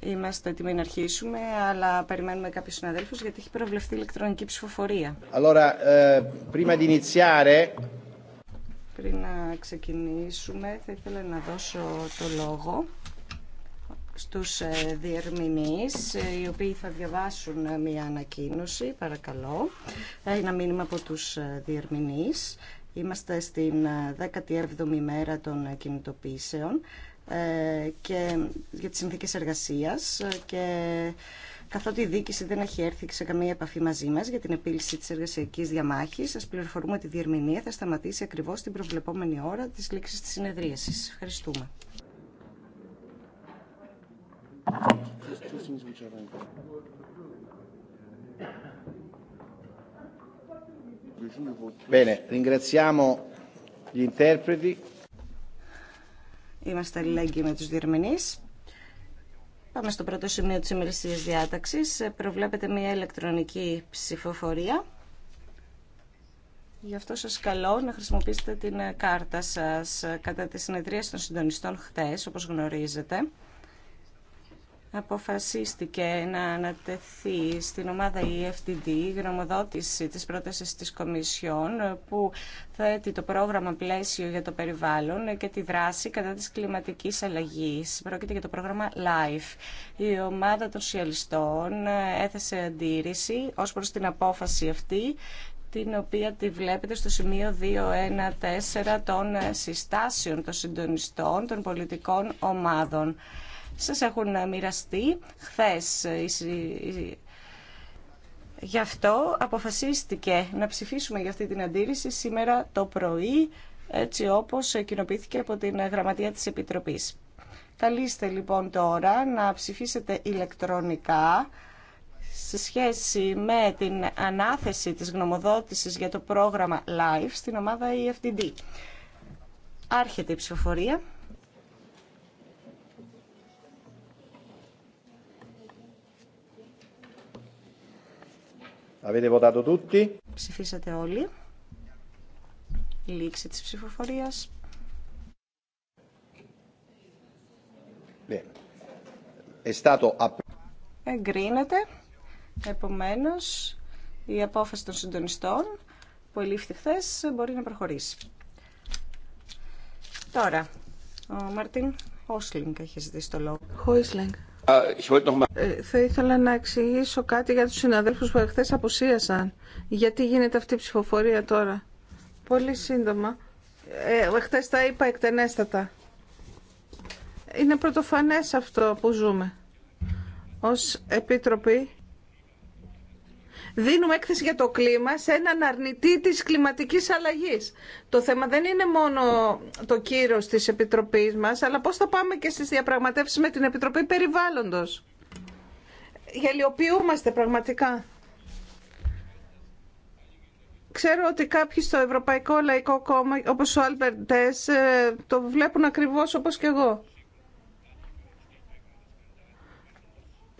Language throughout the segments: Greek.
Είμαστε έτοιμοι να αρχίσουμε, αλλά περιμένουμε κάποιου συναδέλφου γιατί έχει προβλεφθεί ηλεκτρονική ψηφοφορία. Allora, eh, prima di iniziare... Πριν να ξεκινήσουμε, θα ήθελα να δώσω το λόγο στους ε, διερμηνείς, ε, οι οποίοι θα διαβάσουν ε, μια ανακοίνωση, παρακαλώ. Ένα μήνυμα από τους διερμηνείς Είμαστε στην 17η ε, μέρα των κινητοποιήσεων ε, και για τις συνθήκες εργασίας ε, και καθότι η δίκηση δεν έχει έρθει σε καμία επαφή μαζί μας για την επίλυση της εργασιακής διαμάχης, σας πληροφορούμε ότι η διερμηνία θα σταματήσει ακριβώς την προβλεπόμενη ώρα της λήξης της συνεδρίασης. Ευχαριστούμε. Bene, ringraziamo gli interpreti. Είμαστε αλληλέγγυοι με τους διερμηνείς. Πάμε στο πρώτο σημείο της ημερησίας διάταξης. Προβλέπετε μια ηλεκτρονική ψηφοφορία. Γι' αυτό σας καλώ να χρησιμοποιήσετε την κάρτα σας κατά τη συνεδρία των συντονιστών χτες, όπως γνωρίζετε αποφασίστηκε να ανατεθεί στην ομάδα EFTD η γνωμοδότηση της πρότασης της Κομισιόν που θέτει το πρόγραμμα πλαίσιο για το περιβάλλον και τη δράση κατά της κλιματικής αλλαγής. Πρόκειται για το πρόγραμμα LIFE. Η ομάδα των σιαλιστών έθεσε αντίρρηση ως προς την απόφαση αυτή την οποία τη βλέπετε στο σημείο 214 των συστάσεων των συντονιστών των πολιτικών ομάδων σας έχουν μοιραστεί χθες Γι' αυτό αποφασίστηκε να ψηφίσουμε για αυτή την αντίρρηση σήμερα το πρωί, έτσι όπως κοινοποιήθηκε από την Γραμματεία της Επιτροπής. Καλείστε λοιπόν τώρα να ψηφίσετε ηλεκτρονικά σε σχέση με την ανάθεση της γνωμοδότησης για το πρόγραμμα LIFE στην ομάδα EFTD. Άρχεται η ψηφοφορία. Avete votato tutti. Ψηφίσατε όλοι. Λήξη της ψηφοφορίας. Εγκρίνεται. Επομένως, η απόφαση των συντονιστών που ελήφθη χθε μπορεί να προχωρήσει. Τώρα, ο Μαρτίν Χόσλινγκ έχει ζητήσει το λόγο. Χόσλινγκ. Ε, θα ήθελα να εξηγήσω κάτι για τους συναδέλφους που εχθές αποσίασαν. Γιατί γίνεται αυτή η ψηφοφορία τώρα. Πολύ σύντομα. Ε, εχθές τα είπα εκτενέστατα. Είναι πρωτοφανές αυτό που ζούμε. Ως επίτροπή, δίνουμε έκθεση για το κλίμα σε έναν αρνητή της κλιματικής αλλαγής. Το θέμα δεν είναι μόνο το κύρος της Επιτροπής μας, αλλά πώς θα πάμε και στις διαπραγματεύσεις με την Επιτροπή Περιβάλλοντος. Γελιοποιούμαστε πραγματικά. Ξέρω ότι κάποιοι στο Ευρωπαϊκό Λαϊκό Κόμμα, όπως ο Άλμπερντες, ε, το βλέπουν ακριβώς όπως και εγώ.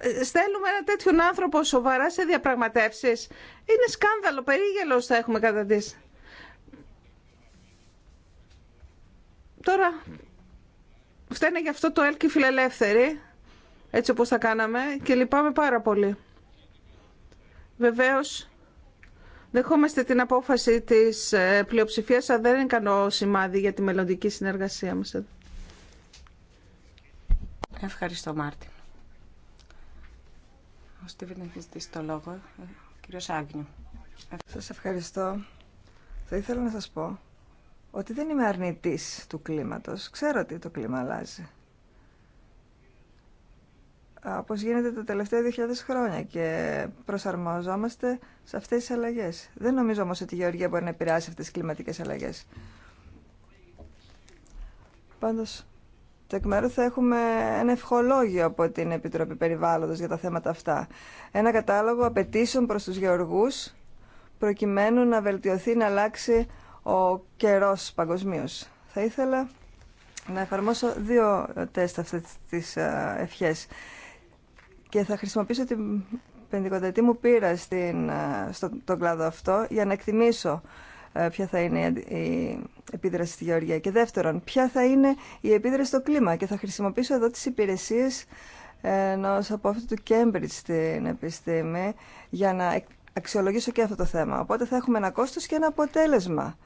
στέλνουμε ένα τέτοιον άνθρωπο σοβαρά σε διαπραγματεύσεις. Είναι σκάνδαλο, περίγελος θα έχουμε καταντήσει. Τώρα, φταίνε γι' αυτό το έλκυ φιλελεύθερη, έτσι όπως θα κάναμε, και λυπάμαι πάρα πολύ. Βεβαίως, δεχόμαστε την απόφαση της ε, πλειοψηφίας, αλλά δεν είναι κανό σημάδι για τη μελλοντική συνεργασία μας. Ευχαριστώ, Μάρτιν. Ο Στίβεν έχει ζητήσει το λόγο. Κύριο Άγνιου. Σας ευχαριστώ. Θα ήθελα να σας πω ότι δεν είμαι αρνητής του κλίματος. Ξέρω ότι το κλίμα αλλάζει. Όπως γίνεται τα τελευταία 2.000 χρόνια και προσαρμοζόμαστε σε αυτές τις αλλαγές. Δεν νομίζω όμως ότι η Γεωργία μπορεί να επηρεάσει αυτές τις κλιματικές αλλαγές. Πάντως, εκ μέρου θα έχουμε ένα ευχολόγιο από την Επιτροπή Περιβάλλοντος για τα θέματα αυτά. Ένα κατάλογο απαιτήσεων προς τους γεωργούς προκειμένου να βελτιωθεί, να αλλάξει ο καιρός παγκοσμίω. Θα ήθελα να εφαρμόσω δύο τεστ αυτές τις ε, ευχές και θα χρησιμοποιήσω την πεντηκοντατή μου πείρα στην, ε, στο, κλάδο αυτό για να εκτιμήσω ε, ποια θα είναι η επίδραση στη γεωργία. Και δεύτερον, ποια θα είναι η επίδραση στο κλίμα. Και θα χρησιμοποιήσω εδώ τις υπηρεσίες από αυτού του Cambridge στην επιστήμη για να αξιολογήσω και αυτό το θέμα. Οπότε θα έχουμε ένα κόστος και ένα αποτέλεσμα.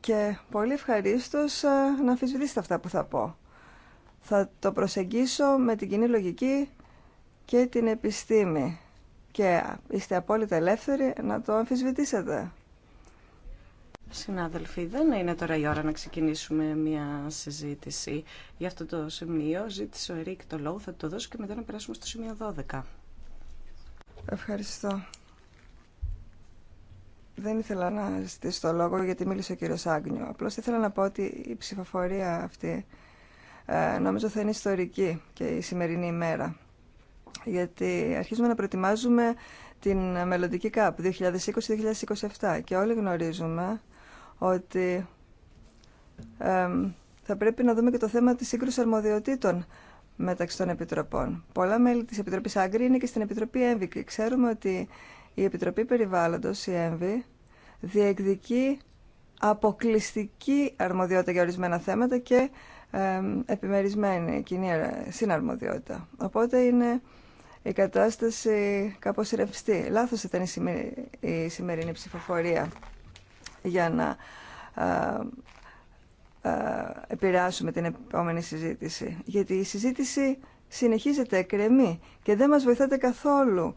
Και πολύ ευχαρίστω ε, να αφισβητήσετε αυτά που θα πω. Θα το προσεγγίσω με την κοινή λογική και την επιστήμη και είστε απόλυτα ελεύθεροι να το αμφισβητήσετε. Συνάδελφοι, δεν είναι τώρα η ώρα να ξεκινήσουμε μια συζήτηση. Για αυτό το σημείο ζήτησε ο Ερίκ το λόγο, θα το δώσω και μετά να περάσουμε στο σημείο 12. Ευχαριστώ. Δεν ήθελα να ζητήσω το λόγο γιατί μίλησε ο κύριος Άγνιο. Απλώς ήθελα να πω ότι η ψηφοφορία αυτή ε, νομίζω θα είναι ιστορική και η σημερινή ημέρα γιατί αρχίζουμε να προετοιμάζουμε την μελλοντική ΚΑΠ 2020-2027 και όλοι γνωρίζουμε ότι θα πρέπει να δούμε και το θέμα της σύγκρουσης αρμοδιοτήτων μεταξύ των επιτροπών. Πολλά μέλη της Επιτροπής Άγκρη είναι και στην Επιτροπή Έμβη και ξέρουμε ότι η Επιτροπή Περιβάλλοντος, η Έμβη, διεκδικεί αποκλειστική αρμοδιότητα για ορισμένα θέματα και επιμερισμένη κοινή συναρμοδιότητα. Οπότε είναι η κατάσταση κάπως ρευστή. Λάθος ήταν η σημερινή ψηφοφορία για να επηρεάσουμε την επόμενη συζήτηση. Γιατί η συζήτηση συνεχίζεται εκκρεμή και δεν μας βοηθάτε καθόλου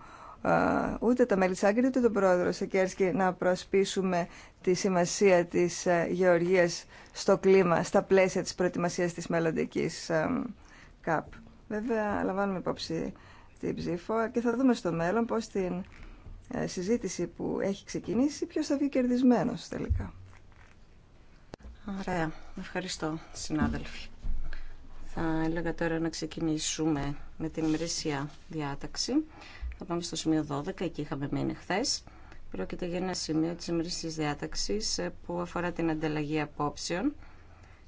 ούτε τα μέλη της Άγκρη, ούτε τον πρόεδρο Σεκέρσκι να προσπίσουμε τη σημασία της ε, γεωργίας στο κλίμα, στα πλαίσια της προετοιμασίας της μελλοντική ε, ΚΑΠ. Βέβαια, λαμβάνουμε υπόψη και θα δούμε στο μέλλον πώς την ε, συζήτηση που έχει ξεκινήσει ποιος θα βγει κερδισμένος τελικά. Ωραία. Ευχαριστώ, συνάδελφοι. Θα έλεγα τώρα να ξεκινήσουμε με την ημερήσια διάταξη. Θα πάμε στο σημείο 12, εκεί είχαμε μείνει χθε. Πρόκειται για ένα σημείο της ημερήσιας διάταξης ε, που αφορά την ανταλλαγή απόψεων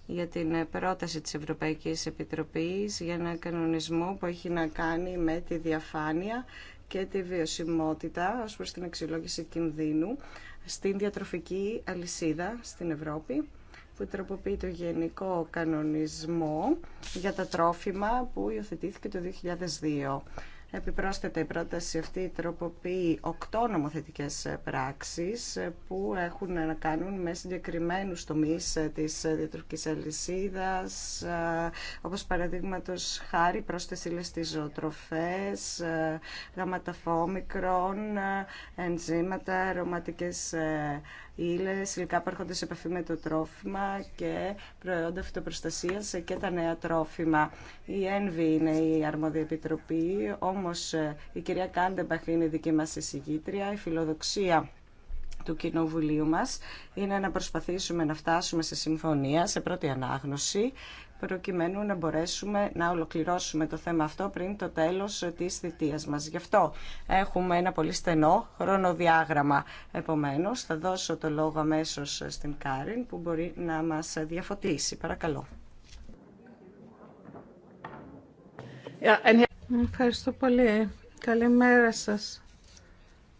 για την ε, πρόταση της Ευρωπαϊκής Επιτροπής για ένα κανονισμό που έχει να κάνει με τη διαφάνεια και τη βιωσιμότητα ως προς την αξιολόγηση κινδύνου στην διατροφική αλυσίδα στην Ευρώπη που τροποποιεί το γενικό κανονισμό για τα τρόφιμα που υιοθετήθηκε το 2002. Επιπρόσθετα η πρόταση αυτή τροποποιεί οκτώ νομοθετικές πράξεις που έχουν να κάνουν με συγκεκριμένους τομείς της διατροφικής αλυσίδας όπως παραδείγματος χάρη πρόσθεση στις ζωοτροφές, γαματαφόμικρον, ενζήματα, αρωματικές ύλες, υλικά που έρχονται σε επαφή με το τρόφιμα και προϊόντα φυτοπροστασίας και τα νέα τρόφιμα. Η ΕΝΒΗ είναι η αρμόδια επιτροπή, όμως ε, η κυρία Κάντεμπαχ είναι δική μας εισηγήτρια, η φιλοδοξία του Κοινοβουλίου μας είναι να προσπαθήσουμε να φτάσουμε σε συμφωνία, σε πρώτη ανάγνωση, προκειμένου να μπορέσουμε να ολοκληρώσουμε το θέμα αυτό πριν το τέλος της θητείας μας. Γι' αυτό έχουμε ένα πολύ στενό χρονοδιάγραμμα. Επομένως, θα δώσω το λόγο αμέσω στην Κάριν που μπορεί να μας διαφωτίσει. Παρακαλώ. Ευχαριστώ πολύ. Καλημέρα σας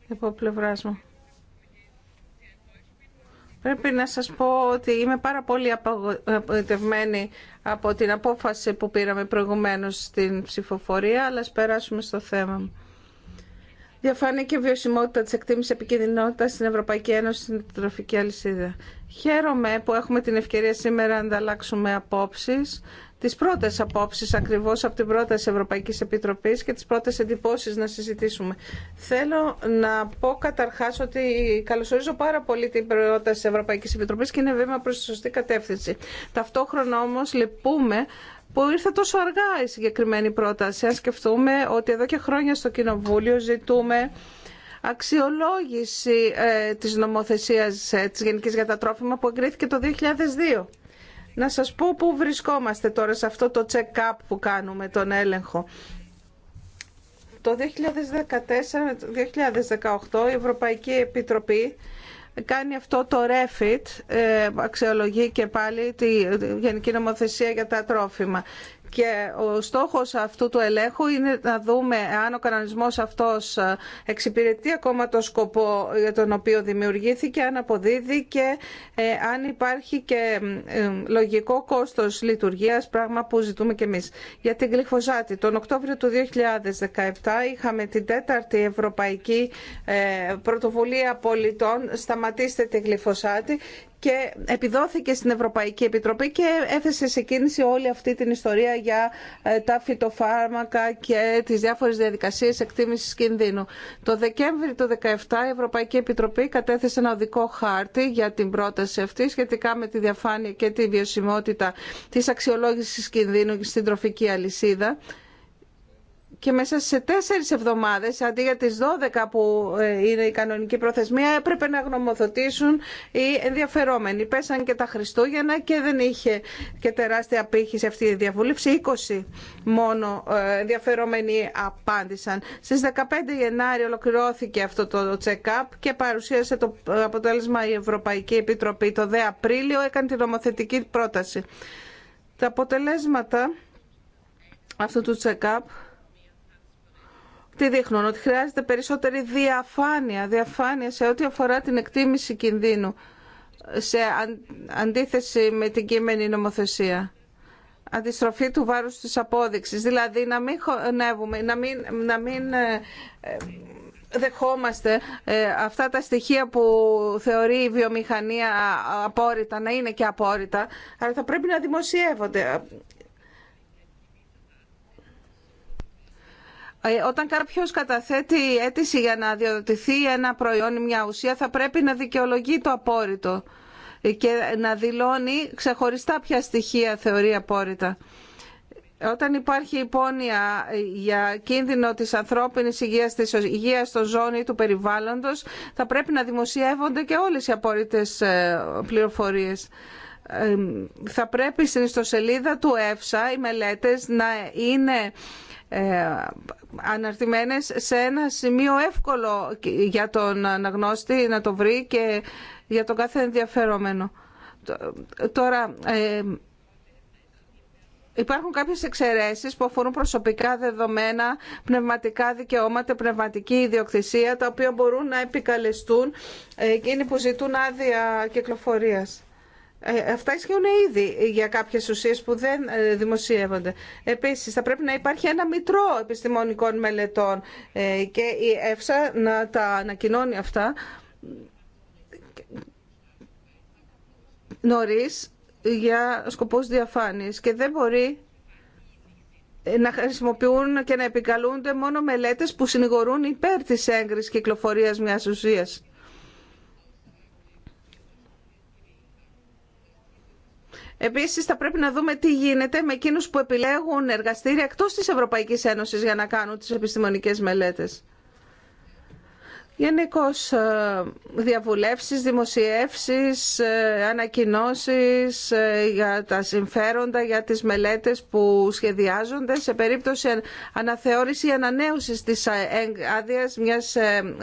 από πλευρά μου. Πρέπει να σας πω ότι είμαι πάρα πολύ απογοητευμένη από την απόφαση που πήραμε προηγουμένως στην ψηφοφορία, αλλά ας περάσουμε στο θέμα μου. Διαφάνεια και βιωσιμότητα τη εκτίμηση επικίνδυνοτητα στην Ευρωπαϊκή Ένωση στην τροφική αλυσίδα. Χαίρομαι που έχουμε την ευκαιρία σήμερα να ανταλλάξουμε απόψει, τι πρώτε απόψει ακριβώ από την πρόταση Ευρωπαϊκή Επιτροπή και τι πρώτε εντυπώσει να συζητήσουμε. Θέλω να πω καταρχά ότι καλωσορίζω πάρα πολύ την πρόταση Ευρωπαϊκή Επιτροπή και είναι βήμα προ τη σωστή κατεύθυνση. Ταυτόχρονα όμω λυπούμε που ήρθε τόσο αργά η συγκεκριμένη πρόταση. Αν σκεφτούμε ότι εδώ και χρόνια στο Κοινοβούλιο ζητούμε αξιολόγηση ε, της νομοθεσίας ε, της Γενικής για τα Τρόφιμα που εγκρίθηκε το 2002. Να σας πω πού βρισκόμαστε τώρα σε αυτό το check-up που κάνουμε, τον έλεγχο. Το 2014-2018 η Ευρωπαϊκή Επιτροπή κάνει αυτό το REFIT, ε, αξιολογεί και πάλι τη Γενική Νομοθεσία για τα Τρόφιμα. Και ο στόχος αυτού του ελέγχου είναι να δούμε αν ο κανονισμός αυτός εξυπηρετεί ακόμα το σκοπό για τον οποίο δημιουργήθηκε, αν αποδίδει και ε, αν υπάρχει και ε, λογικό κόστος λειτουργίας, πράγμα που ζητούμε και εμείς. Για την γλυφοζάτη, τον Οκτώβριο του 2017 είχαμε την τέταρτη Ευρωπαϊκή ε, Πρωτοβουλία Πολιτών «Σταματήστε τη γλυφοζάτη» και επιδόθηκε στην Ευρωπαϊκή Επιτροπή και έθεσε σε κίνηση όλη αυτή την ιστορία για ε, τα φυτοφάρμακα και τις διάφορες διαδικασίες εκτίμησης κινδύνου. Το Δεκέμβρη του 2017 η Ευρωπαϊκή Επιτροπή κατέθεσε ένα οδικό χάρτη για την πρόταση αυτή σχετικά με τη διαφάνεια και τη βιωσιμότητα της αξιολόγησης κινδύνου στην τροφική αλυσίδα και μέσα σε τέσσερις εβδομάδε, αντί για τι 12 που ε, είναι η κανονική προθεσμία, έπρεπε να γνωμοδοτήσουν οι ενδιαφερόμενοι. Πέσαν και τα Χριστούγεννα και δεν είχε και τεράστια πύχη αυτή η διαβούλευση. 20 μόνο ε, ενδιαφερόμενοι απάντησαν. Στι 15 Γενάρη ολοκληρώθηκε αυτό το check-up και παρουσίασε το αποτέλεσμα η Ευρωπαϊκή Επιτροπή. Το ΔΕ Απρίλιο έκανε τη νομοθετική πρόταση. Τα αποτελέσματα αυτού του check-up τι δείχνουν, ότι χρειάζεται περισσότερη διαφάνεια, διαφάνεια σε ό,τι αφορά την εκτίμηση κινδύνου σε αντίθεση με την κείμενη νομοθεσία. Αντιστροφή του βάρους της απόδειξης, δηλαδή να μην χωνεύουμε, να μην, να μην ε, ε, δεχόμαστε ε, αυτά τα στοιχεία που θεωρεί η βιομηχανία απόρριτα, να είναι και απόρριτα, αλλά θα πρέπει να δημοσιεύονται. Ε, όταν κάποιο καταθέτει αίτηση για να διοδοτηθεί ένα προϊόν ή μια ουσία θα πρέπει να δικαιολογεί το απόρριτο και να δηλώνει ξεχωριστά ποια στοιχεία θεωρεί απόρριτα. Όταν υπάρχει υπόνοια για κίνδυνο της ανθρώπινης υγείας, της υγείας των ζώων του περιβάλλοντος, θα πρέπει να δημοσιεύονται και όλες οι απόρριτες ε, πληροφορίες θα πρέπει στην ιστοσελίδα του ΕΦΣΑ οι μελέτες να είναι ε, αναρτημένες σε ένα σημείο εύκολο για τον αναγνώστη να το βρει και για τον κάθε ενδιαφερόμενο. Τώρα, Υπάρχουν κάποιες εξαιρέσεις που αφορούν προσωπικά δεδομένα, πνευματικά δικαιώματα, πνευματική ιδιοκτησία, τα οποία μπορούν να επικαλεστούν ε, εκείνοι που ζητούν άδεια κυκλοφορίας. Ε, αυτά ισχύουν ήδη για κάποιες ουσίες που δεν ε, δημοσιεύονται. Επίσης, θα πρέπει να υπάρχει ένα μητρό επιστημονικών μελετών ε, και η ΕΦΣΑ να τα ανακοινώνει αυτά νωρίς για σκοπούς διαφάνειας και δεν μπορεί να χρησιμοποιούν και να επικαλούνται μόνο μελέτες που συνηγορούν υπέρ της έγκρισης κυκλοφορίας μιας ουσίας. Επίσης θα πρέπει να δούμε τι γίνεται με εκείνους που επιλέγουν εργαστήρια εκτός της Ευρωπαϊκής Ένωσης για να κάνουν τις επιστημονικές μελέτες. Γενικώ ε, διαβουλεύσεις, δημοσιεύσεις, ε, ανακοινώσεις ε, για τα συμφέροντα, για τις μελέτες που σχεδιάζονται σε περίπτωση αναθεώρηση ή ανανέωσης της άδεια μιας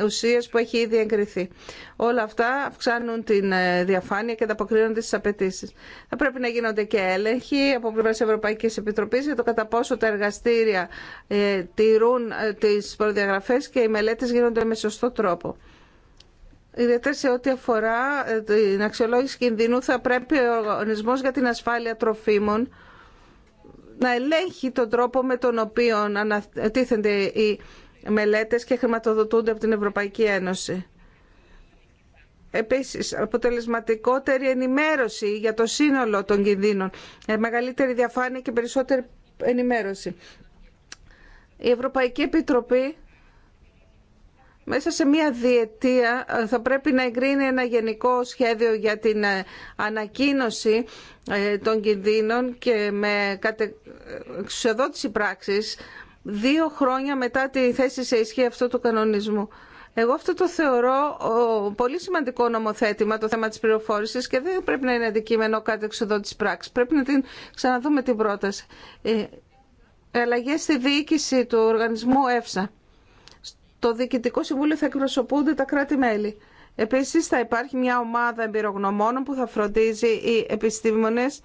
ουσίας που έχει ήδη εγκριθεί. Όλα αυτά αυξάνουν τη ε, διαφάνεια και ανταποκρίνονται στι απαιτήσει. Θα πρέπει να γίνονται και έλεγχοι από πλευρά Ευρωπαϊκή Επιτροπή για το κατά πόσο τα εργαστήρια ε, τηρούν ε, τι προδιαγραφέ και οι μελέτε γίνονται με σωστό τρόπο. Ιδιαίτερα σε ό,τι αφορά την αξιολόγηση κινδύνου, θα πρέπει ο Οργανισμό για την Ασφάλεια Τροφίμων να ελέγχει τον τρόπο με τον οποίο ανατίθενται οι μελέτες και χρηματοδοτούνται από την Ευρωπαϊκή Ένωση. Επίσης, αποτελεσματικότερη ενημέρωση για το σύνολο των κινδύνων. Ε, μεγαλύτερη διαφάνεια και περισσότερη ενημέρωση. Η Ευρωπαϊκή Επιτροπή μέσα σε μία διετία ε, θα πρέπει να εγκρίνει ένα γενικό σχέδιο για την ε, ανακοίνωση των κινδύνων και με εξουσιοδότηση πράξης δύο χρόνια μετά τη θέση σε ισχύ αυτού του κανονισμού. Εγώ αυτό το θεωρώ πολύ σημαντικό νομοθέτημα το θέμα της πληροφόρηση και δεν πρέπει να είναι αντικείμενο κάτι εξοδό της Πρέπει να την ξαναδούμε την πρόταση. Ε, αλλαγές στη διοίκηση του οργανισμού ΕΦΣΑ. Στο Διοικητικό Συμβούλιο θα εκπροσωπούνται τα κράτη-μέλη. Επίσης θα υπάρχει μια ομάδα εμπειρογνωμόνων που θα φροντίζει οι επιστήμονες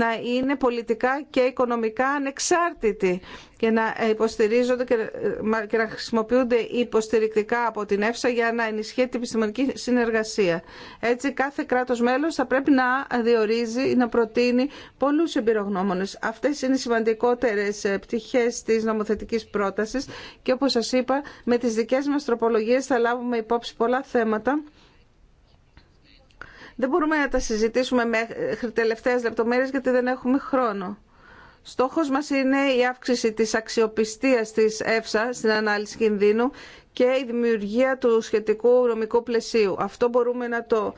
να είναι πολιτικά και οικονομικά ανεξάρτητοι και να υποστηρίζονται και να χρησιμοποιούνται υποστηρικτικά από την ΕΦΣΑ για να ενισχύει την επιστημονική συνεργασία. Έτσι κάθε κράτος μέλος θα πρέπει να διορίζει ή να προτείνει πολλούς εμπειρογνώμονες. Αυτές είναι οι σημαντικότερες ε, πτυχές της νομοθετικής πρότασης και όπως σας είπα με τις δικές μας τροπολογίες θα λάβουμε υπόψη πολλά θέματα δεν μπορούμε να τα συζητήσουμε μέχρι τελευταίες λεπτομέρειες γιατί δεν έχουμε χρόνο. Στόχος μας είναι η αύξηση της αξιοπιστίας της ΕΦΣΑ στην ανάλυση κινδύνου και η δημιουργία του σχετικού νομικού πλαισίου. Αυτό μπορούμε να το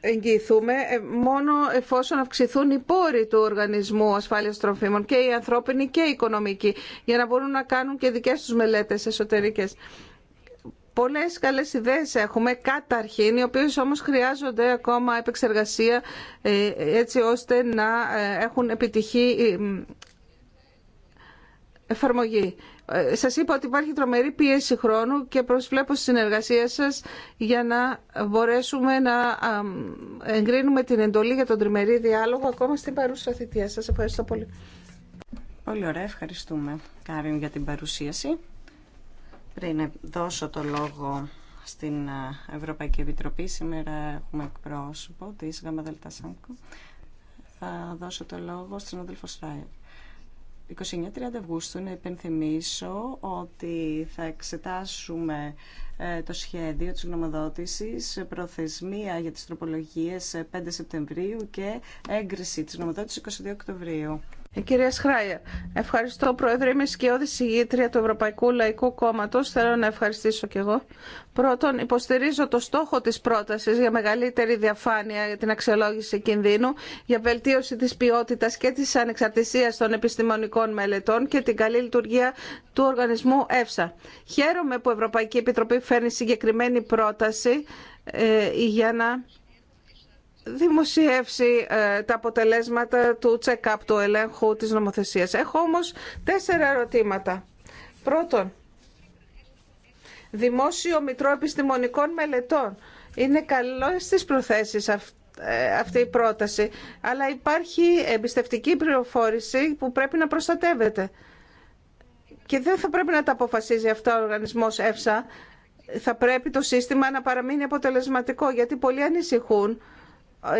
εγγυηθούμε ε, μόνο εφόσον αυξηθούν οι πόροι του Οργανισμού Ασφάλειας Τροφίμων και οι ανθρώπινοι και οι οικονομικοί για να μπορούν να κάνουν και δικές τους μελέτες εσωτερικές. Πολλές καλές ιδέες έχουμε καταρχήν, οι οποίες όμως χρειάζονται ακόμα επεξεργασία ε, έτσι ώστε να ε, έχουν επιτυχή ε, εφαρμογή. Σας είπα ότι υπάρχει τρομερή πίεση χρόνου και προσβλέπω στη συνεργασία σας για να μπορέσουμε να εγκρίνουμε την εντολή για τον τριμερή διάλογο ακόμα στην παρούσα θητεία. Σας ευχαριστώ πολύ. Πολύ ωραία, ευχαριστούμε Κάριν για την παρουσίαση. Πριν δώσω το λόγο στην Ευρωπαϊκή Επιτροπή, σήμερα έχουμε εκπρόσωπο της ΓΑΜΑΔΕΛΤΑ ΣΑΝΚΟ, θα δώσω το λόγο στην αδελφο Σράιερ. 29-30 Αυγούστου να υπενθυμίσω ότι θα εξετάσουμε ε, το σχέδιο της γνωμοδότησης, προθεσμία για τις τροπολογίες 5 ε, Σεπτεμβρίου και έγκριση της γνωμοδότησης 22 Οκτωβρίου. Ε, κυρία Σχράια, ευχαριστώ Πρόεδρε. Είμαι σκιώδη συγγήτρια του Ευρωπαϊκού Λαϊκού Κόμματο. Θέλω να ευχαριστήσω κι εγώ. Πρώτον, υποστηρίζω το στόχο τη πρόταση για μεγαλύτερη διαφάνεια για την αξιολόγηση κινδύνου, για βελτίωση τη ποιότητα και τη ανεξαρτησία των επιστημονικών μελετών και την καλή λειτουργία του οργανισμού ΕΦΣΑ. Χαίρομαι που η Ευρωπαϊκή Επιτροπή φέρνει συγκεκριμένη πρόταση ε, για να δημοσιεύσει τα αποτελέσματα του check-up του ελέγχου της νομοθεσίας. Έχω όμως τέσσερα ερωτήματα. Πρώτον, δημόσιο μητρό επιστημονικών μελετών. Είναι καλό στις προθέσεις ε, αυτή η πρόταση, αλλά υπάρχει εμπιστευτική πληροφόρηση που πρέπει να προστατεύεται. Και δεν θα πρέπει να τα αποφασίζει αυτό ο οργανισμός ΕΦΣΑ. Θα πρέπει το σύστημα να παραμείνει αποτελεσματικό, γιατί πολλοί ανησυχούν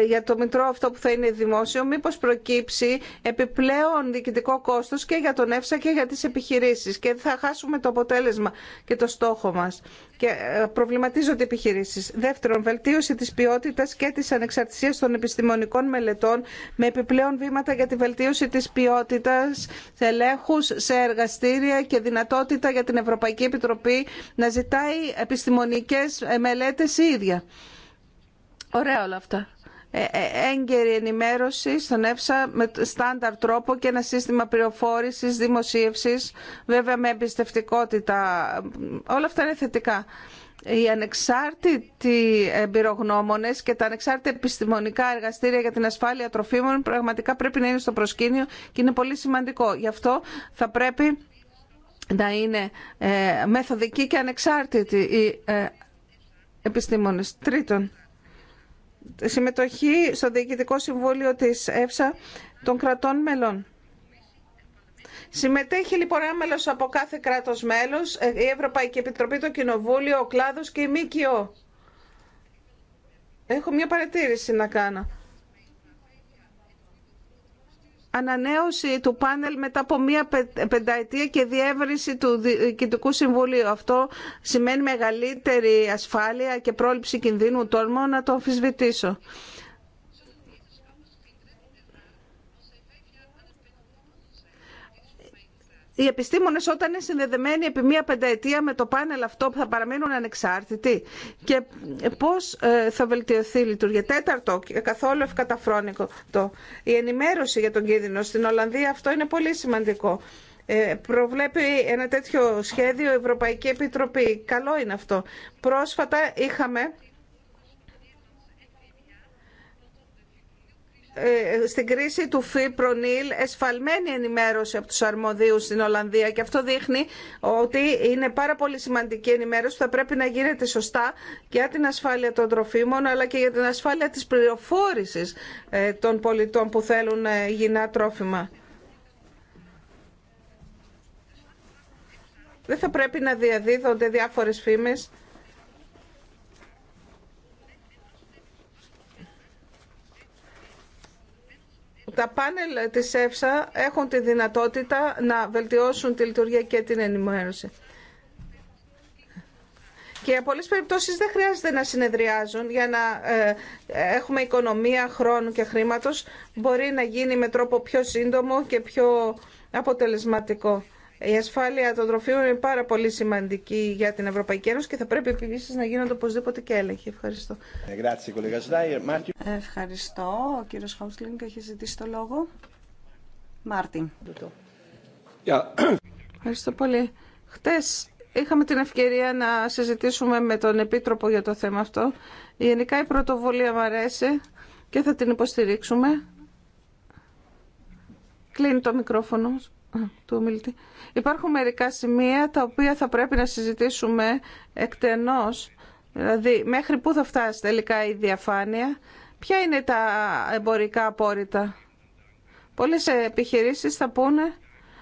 για το Μητρό αυτό που θα είναι δημόσιο, μήπως προκύψει επιπλέον διοικητικό κόστος και για τον ΕΦΣΑ και για τις επιχειρήσεις και θα χάσουμε το αποτέλεσμα και το στόχο μας. Και ε, προβληματίζονται οι επιχειρήσεις. Δεύτερον, βελτίωση της ποιότητας και της ανεξαρτησίας των επιστημονικών μελετών με επιπλέον βήματα για τη βελτίωση της ποιότητας σε ελέγχους, σε εργαστήρια και δυνατότητα για την Ευρωπαϊκή Επιτροπή να ζητάει επιστημονικές μελέτες ίδια. Ωραία όλα αυτά. Ε, ε, έγκαιρη ενημέρωση στον ΕΦΣΑ με στάνταρ τρόπο και ένα σύστημα πληροφόρηση, δημοσίευση, βέβαια με εμπιστευτικότητα. Όλα αυτά είναι θετικά. Οι ανεξάρτητοι εμπειρογνώμονε και τα ανεξάρτητα επιστημονικά εργαστήρια για την ασφάλεια τροφίμων πραγματικά πρέπει να είναι στο προσκήνιο και είναι πολύ σημαντικό. Γι' αυτό θα πρέπει να είναι ε, μεθοδικοί και ανεξάρτητοι οι επιστήμονες. Τρίτον, συμμετοχή στο Διοικητικό Συμβούλιο της ΕΦΣΑ των κρατών μελών. Συμμετέχει λοιπόν ένα από κάθε κράτος μέλος, ε, η Ευρωπαϊκή Επιτροπή, το Κοινοβούλιο, ο κλάδος και η ΜΚΟ. Έχω μια παρατήρηση να κάνω ανανέωση του πάνελ μετά από μία πενταετία και διεύρυνση του Διοικητικού Συμβουλίου. Αυτό σημαίνει μεγαλύτερη ασφάλεια και πρόληψη κινδύνου. Τολμώ να το αμφισβητήσω. οι επιστήμονε όταν είναι συνδεδεμένοι επί μία πενταετία με το πάνελ αυτό που θα παραμείνουν ανεξάρτητοι και πώς ε, θα βελτιωθεί η λειτουργία. Τέταρτο, καθόλου ευκαταφρόνικο, το, η ενημέρωση για τον κίνδυνο. Στην Ολλανδία αυτό είναι πολύ σημαντικό. Ε, προβλέπει ένα τέτοιο σχέδιο η Ευρωπαϊκή Επιτροπή. Καλό είναι αυτό. Πρόσφατα είχαμε Ε, στην κρίση του Φιπρονίλ εσφαλμένη ενημέρωση από τους αρμοδίους στην Ολλανδία και αυτό δείχνει ότι είναι πάρα πολύ σημαντική ενημέρωση που θα πρέπει να γίνεται σωστά για την ασφάλεια των τροφίμων αλλά και για την ασφάλεια της πληροφόρησης ε, των πολιτών που θέλουν ε, υγιεινά τρόφιμα. Δεν θα πρέπει να διαδίδονται διάφορες φήμες Τα πάνελ της ΕΦΣΑ έχουν τη δυνατότητα να βελτιώσουν τη λειτουργία και την ενημέρωση. Και για πολλές περιπτώσεις δεν χρειάζεται να συνεδριάζουν για να ε, έχουμε οικονομία χρόνου και χρήματος. Μπορεί να γίνει με τρόπο πιο σύντομο και πιο αποτελεσματικό. Η ασφάλεια των τροφίμων είναι πάρα πολύ σημαντική για την Ευρωπαϊκή Ένωση και θα πρέπει επίση να γίνονται οπωσδήποτε και έλεγχοι. Ευχαριστώ. Ε, Ευχαριστώ. Ο κύριο Χάουσλινγκ έχει ζητήσει το λόγο. Μάρτιν. Ευχαριστώ πολύ. Χτες είχαμε την ευκαιρία να συζητήσουμε με τον Επίτροπο για το θέμα αυτό. Γενικά η πρωτοβουλία μου αρέσει και θα την υποστηρίξουμε. Κλείνει το μικρόφωνο. Υπάρχουν μερικά σημεία τα οποία θα πρέπει να συζητήσουμε εκτενώς. Δηλαδή, μέχρι πού θα φτάσει τελικά η διαφάνεια, ποια είναι τα εμπορικά απόρριτα. Πολλές επιχειρήσεις θα πούνε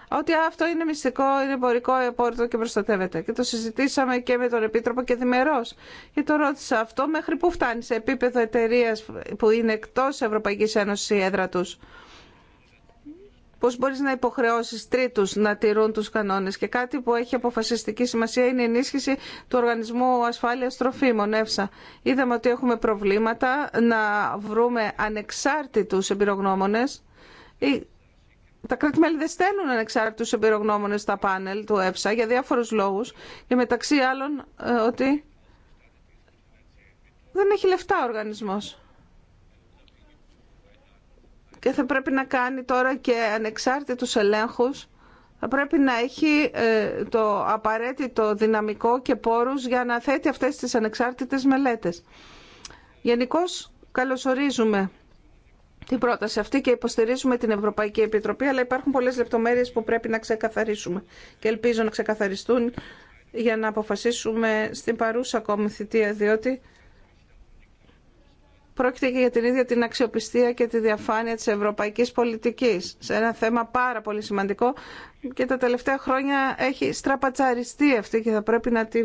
ότι αυτό είναι μυστικό, είναι εμπορικό, ε, απόρριτο και προστατεύεται. Και το συζητήσαμε και με τον Επίτροπο και διμερός. Και το ρώτησα αυτό μέχρι πού φτάνει σε επίπεδο εταιρεία που είναι εκτός Ευρωπαϊκής Ένωσης η έδρα τους πώς μπορείς να υποχρεώσεις τρίτους να τηρούν τους κανόνες. Και κάτι που έχει αποφασιστική σημασία είναι η ενίσχυση του Οργανισμού Ασφάλειας Τροφίμων, ΕΦΣΑ. Είδαμε ότι έχουμε προβλήματα να βρούμε ανεξάρτητους εμπειρογνώμονε. Τα κράτη-μέλη δεν στέλνουν ανεξάρτητους εμπειρογνώμονε στα πάνελ του ΕΦΣΑ για διάφορου λόγου. και μεταξύ άλλων ε, ότι δεν έχει λεφτά ο οργανισμός και θα πρέπει να κάνει τώρα και ανεξάρτητους ελέγχους θα πρέπει να έχει ε, το απαραίτητο δυναμικό και πόρους για να θέτει αυτές τις ανεξάρτητες μελέτες. Γενικώ καλωσορίζουμε την πρόταση αυτή και υποστηρίζουμε την Ευρωπαϊκή Επιτροπή, αλλά υπάρχουν πολλές λεπτομέρειες που πρέπει να ξεκαθαρίσουμε και ελπίζω να ξεκαθαριστούν για να αποφασίσουμε στην παρούσα ακόμη θητεία, διότι πρόκειται και για την ίδια την αξιοπιστία και τη διαφάνεια της ευρωπαϊκής πολιτικής. Σε ένα θέμα πάρα πολύ σημαντικό και τα τελευταία χρόνια έχει στραπατσαριστεί αυτή και θα πρέπει να τη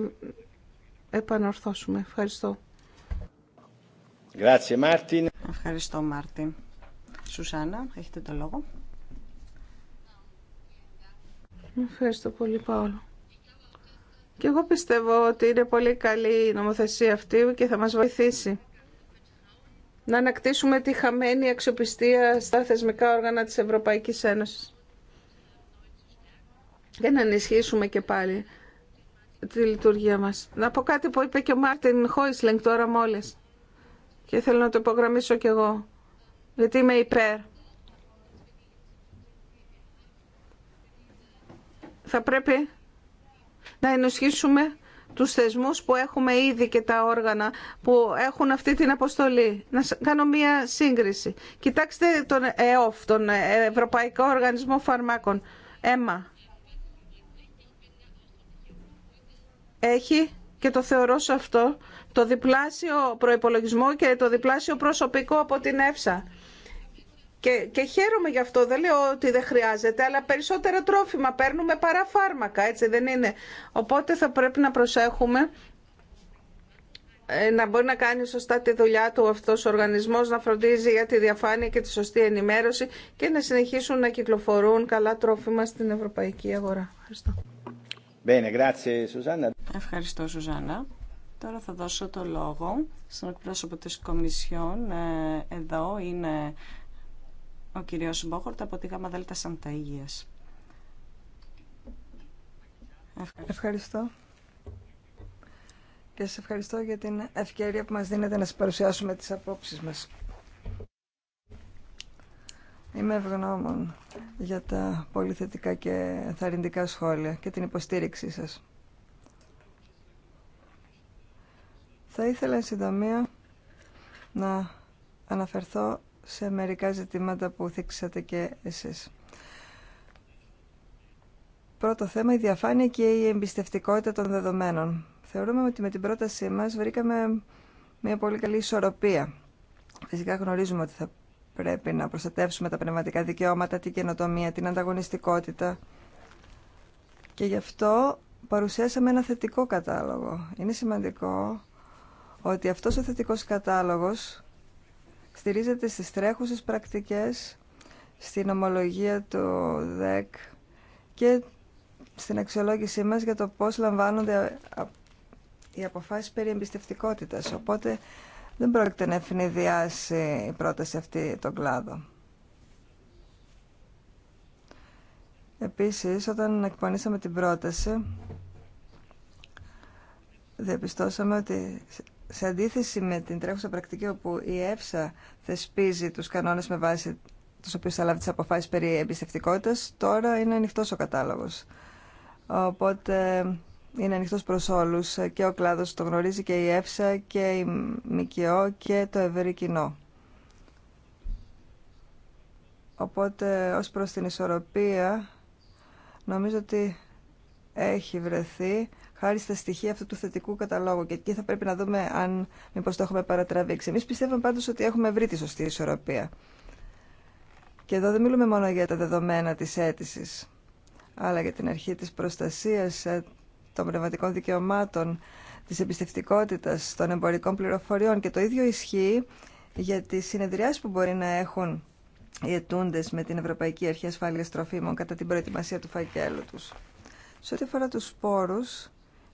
επανορθώσουμε. Ευχαριστώ. Ευχαριστώ Μάρτιν. Σουσάνα, έχετε το λόγο. Ευχαριστώ πολύ Παόλο. Και εγώ πιστεύω ότι είναι πολύ καλή η νομοθεσία αυτή και θα μας βοηθήσει να ανακτήσουμε τη χαμένη αξιοπιστία στα θεσμικά όργανα της Ευρωπαϊκής Ένωσης και να ενισχύσουμε και πάλι τη λειτουργία μας. Να πω κάτι που είπε και ο Μάρτιν Χόισλενγκ τώρα μόλις και θέλω να το υπογραμμίσω κι εγώ γιατί είμαι υπέρ. Θα πρέπει να ενισχύσουμε τους θεσμούς που έχουμε ήδη και τα όργανα που έχουν αυτή την αποστολή. Να κάνω μία σύγκριση. Κοιτάξτε τον ΕΟΦ, τον Ευρωπαϊκό Οργανισμό Φαρμάκων. Έμα. Έχει και το θεωρώ σε αυτό το διπλάσιο προϋπολογισμό και το διπλάσιο προσωπικό από την ΕΦΣΑ. Και, και χαίρομαι γι' αυτό, δεν λέω ότι δεν χρειάζεται, αλλά περισσότερα τρόφιμα παίρνουμε παρά φάρμακα, έτσι δεν είναι. Οπότε θα πρέπει να προσέχουμε ε, να μπορεί να κάνει σωστά τη δουλειά του αυτός ο οργανισμός, να φροντίζει για τη διαφάνεια και τη σωστή ενημέρωση και να συνεχίσουν να κυκλοφορούν καλά τρόφιμα στην ευρωπαϊκή αγορά. Ευχαριστώ. Ευχαριστώ, Σουζάννα. Τώρα θα δώσω το λόγο στον εκπρόσωπο της Κομισιόν. Ε, εδώ είναι ο κύριος Μπόχορτ από τη ΓΑΜΑ ΔΕΛΤΑ ΣΑΝΤΑ Ευχαριστώ. Και σας ευχαριστώ για την ευκαιρία που μας δίνετε να σας παρουσιάσουμε τις απόψεις μας. Είμαι ευγνώμων για τα πολύ θετικά και θαρρυντικά σχόλια και την υποστήριξή σας. Θα ήθελα, συντομία, να αναφερθώ σε μερικά ζητήματα που θίξατε και εσείς. Πρώτο θέμα, η διαφάνεια και η εμπιστευτικότητα των δεδομένων. Θεωρούμε ότι με την πρότασή μας βρήκαμε μια πολύ καλή ισορροπία. Φυσικά γνωρίζουμε ότι θα πρέπει να προστατεύσουμε τα πνευματικά δικαιώματα, την καινοτομία, την ανταγωνιστικότητα. Και γι' αυτό παρουσιάσαμε ένα θετικό κατάλογο. Είναι σημαντικό ότι αυτός ο θετικός κατάλογος στηρίζεται στις τρέχουσες πρακτικές, στην ομολογία του ΔΕΚ και στην αξιολόγησή μας για το πώς λαμβάνονται οι αποφάσεις περί εμπιστευτικότητας. Οπότε δεν πρόκειται να ευνηδιάσει η πρόταση αυτή τον κλάδο. Επίσης, όταν εκπονήσαμε την πρόταση, διαπιστώσαμε ότι σε αντίθεση με την τρέχουσα πρακτική όπου η ΕΦΣΑ θεσπίζει τους κανόνες με βάση τους οποίους θα λάβει τις αποφάσεις περί εμπιστευτικότητας, τώρα είναι ανοιχτό ο κατάλογος. Οπότε είναι ανοιχτό προς όλους και ο κλάδος το γνωρίζει και η ΕΦΣΑ και η ΜΚΟ και το ευρύ κοινό. Οπότε ως προς την ισορροπία νομίζω ότι έχει βρεθεί χάρη στα στοιχεία αυτού του θετικού καταλόγου. Και εκεί θα πρέπει να δούμε αν μήπω το έχουμε παρατραβήξει. Εμεί πιστεύουμε πάντω ότι έχουμε βρει τη σωστή ισορροπία. Και εδώ δεν μιλούμε μόνο για τα δεδομένα τη αίτηση, αλλά για την αρχή τη προστασία ε, των πνευματικών δικαιωμάτων, τη εμπιστευτικότητα των εμπορικών πληροφοριών. Και το ίδιο ισχύει για τι συνεδριάσει που μπορεί να έχουν οι ετούντε με την Ευρωπαϊκή Αρχή Ασφάλεια Τροφίμων κατά την προετοιμασία του φακέλου τους. Σε ό,τι αφορά τους σπόρους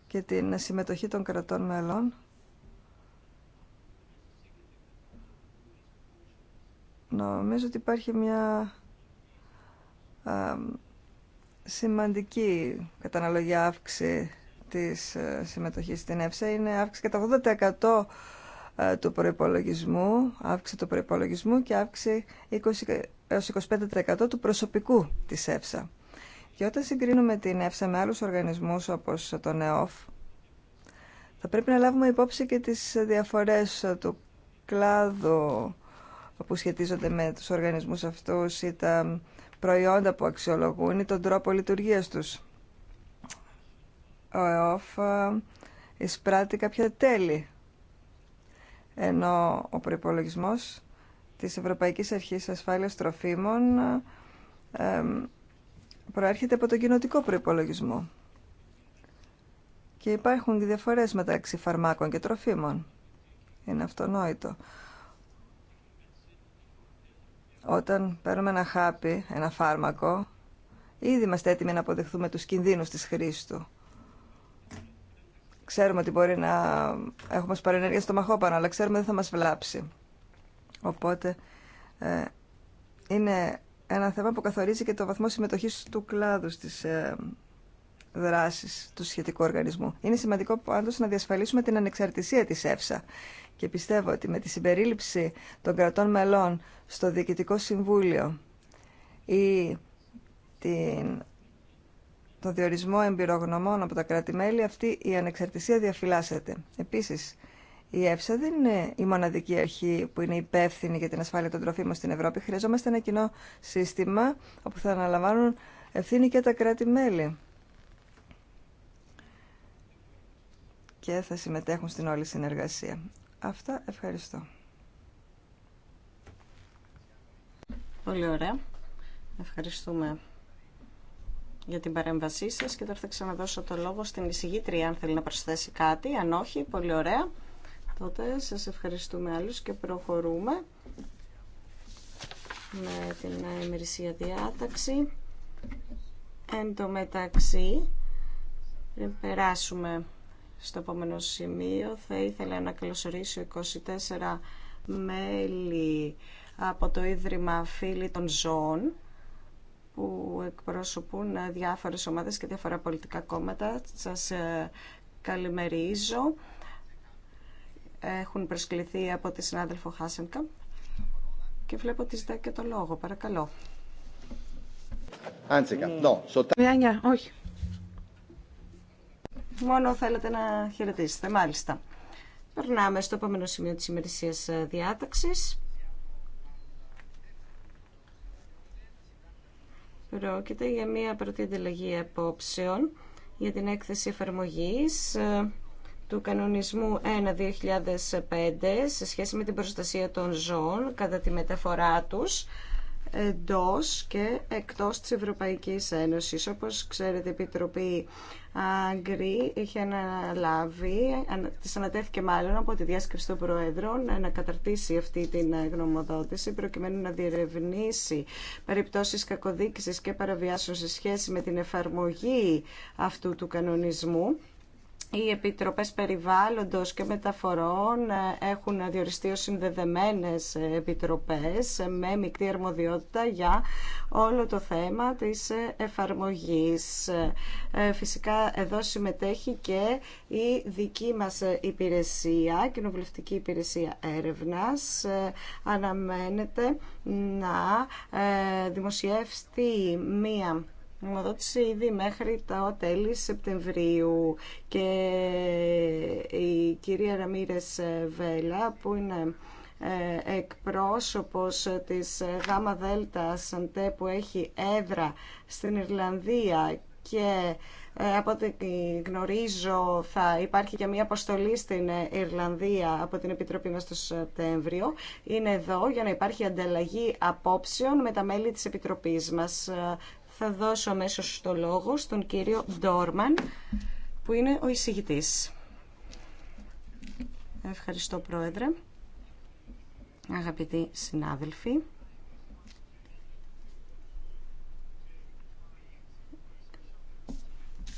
και την συμμετοχή των κρατών μέλων, νομίζω ότι υπάρχει μια α, σημαντική καταναλογία αύξηση της ε, συμμετοχής στην ΕΦΣΑ. Είναι αύξηση κατά 80% ε, του προϋπολογισμού, αύξηση του προϋπολογισμού και αύξηση 20 έως 25% του προσωπικού της ΕΦΣΑ. Και όταν συγκρίνουμε την ΕΦΣΑ με άλλους οργανισμούς όπως τον ΕΟΦ, θα πρέπει να λάβουμε υπόψη και τις διαφορές του κλάδου που σχετίζονται με τους οργανισμούς αυτούς ή τα προϊόντα που αξιολογούν ή τον τρόπο λειτουργίας τους. Ο ΕΟΦ ε, εισπράττει κάποια τέλη, ενώ ο προϋπολογισμός της Ευρωπαϊκής Αρχής Ασφάλειας Τροφίμων ε, προέρχεται από τον κοινοτικό προϋπολογισμό και υπάρχουν διαφορές μεταξύ φαρμάκων και τροφίμων. Είναι αυτονόητο. Όταν παίρνουμε ένα χάπι, ένα φάρμακο, ήδη είμαστε έτοιμοι να αποδεχθούμε τους κινδύνους της χρήσης του. Ξέρουμε ότι μπορεί να έχουμε σπαρενέργεια στο μαχόπανο, αλλά ξέρουμε ότι δεν θα μας βλάψει. Οπότε ε, είναι ένα θέμα που καθορίζει και το βαθμό συμμετοχή του κλάδου στις ε, δράσεις του σχετικού οργανισμού. Είναι σημαντικό πάντως να διασφαλίσουμε την ανεξαρτησία της ΕΦΣΑ και πιστεύω ότι με τη συμπερίληψη των κρατών μελών στο Διοικητικό Συμβούλιο ή την, το διορισμό εμπειρογνωμών από τα κράτη-μέλη, αυτή η ανεξαρτησία διαφυλάσσεται. Επίσης, η ΕΦΣΑ δεν είναι η μοναδική αρχή που είναι υπεύθυνη για την ασφάλεια των τροφίμων στην Ευρώπη. Χρειαζόμαστε ένα κοινό σύστημα όπου θα αναλαμβάνουν ευθύνη και τα κράτη-μέλη. Και θα συμμετέχουν στην όλη συνεργασία. Αυτά ευχαριστώ. Πολύ ωραία. Ευχαριστούμε για την παρέμβασή σας και τώρα θα ξαναδώσω το λόγο στην εισηγήτρια αν θέλει να προσθέσει κάτι, αν όχι, πολύ ωραία. Τότε σας ευχαριστούμε άλλους και προχωρούμε με την ημερησία διάταξη. Εν τω μεταξύ, πριν περάσουμε στο επόμενο σημείο, θα ήθελα να καλωσορίσω 24 μέλη από το Ίδρυμα Φίλοι των Ζώων που εκπροσωπούν διάφορες ομάδες και διάφορα πολιτικά κόμματα. Σας ε, καλημερίζω έχουν προσκληθεί από τη συνάδελφο Χάσενκα και βλέπω ότι ζητάει και το λόγο. Παρακαλώ. Ναι. όχι. Μόνο θέλετε να χαιρετήσετε, μάλιστα. Περνάμε στο επόμενο σημείο της ημερησίας ε, διάταξης. Πρόκειται για μια πρώτη ανταλλαγή απόψεων για την έκθεση εφαρμογής ε, του κανονισμού 1-2005 σε σχέση με την προστασία των ζώων κατά τη μεταφορά τους εντός και εκτός της Ευρωπαϊκής Ένωσης. Όπως ξέρετε, η Επιτροπή Αγκρή είχε αναλάβει. της ανατέθηκε μάλλον από τη διάσκεψη των Προέδρων να καταρτήσει αυτή την γνωμοδότηση προκειμένου να διερευνήσει περιπτώσεις κακοδίκησης και παραβιάσεων σε σχέση με την εφαρμογή αυτού του κανονισμού οι επιτροπές περιβάλλοντος και μεταφορών ε, έχουν διοριστεί ως συνδεδεμένες ε, επιτροπές ε, με μεικτή αρμοδιότητα για όλο το θέμα της εφαρμογής. Φυσικά εδώ συμμετέχει και η δική μας υπηρεσία, κοινοβουλευτική υπηρεσία έρευνας. Αναμένεται να δημοσιεύσει μία δότησε ήδη μέχρι τα τέλη Σεπτεμβρίου και η κυρία Ραμίρες Βέλα που είναι ε, εκπρόσωπος της ΓΑΜΑ ΔΕΛΤΑ που έχει έδρα στην Ιρλανδία και ε, από ό,τι γνωρίζω θα υπάρχει και μια αποστολή στην Ιρλανδία από την Επιτροπή μας το Σεπτέμβριο. Είναι εδώ για να υπάρχει ανταλλαγή απόψεων με τα μέλη της Επιτροπής μας. Θα δώσω αμέσω το λόγο στον κύριο Ντόρμαν, που είναι ο εισηγητής. Ευχαριστώ, Πρόεδρε. Αγαπητοί συνάδελφοι.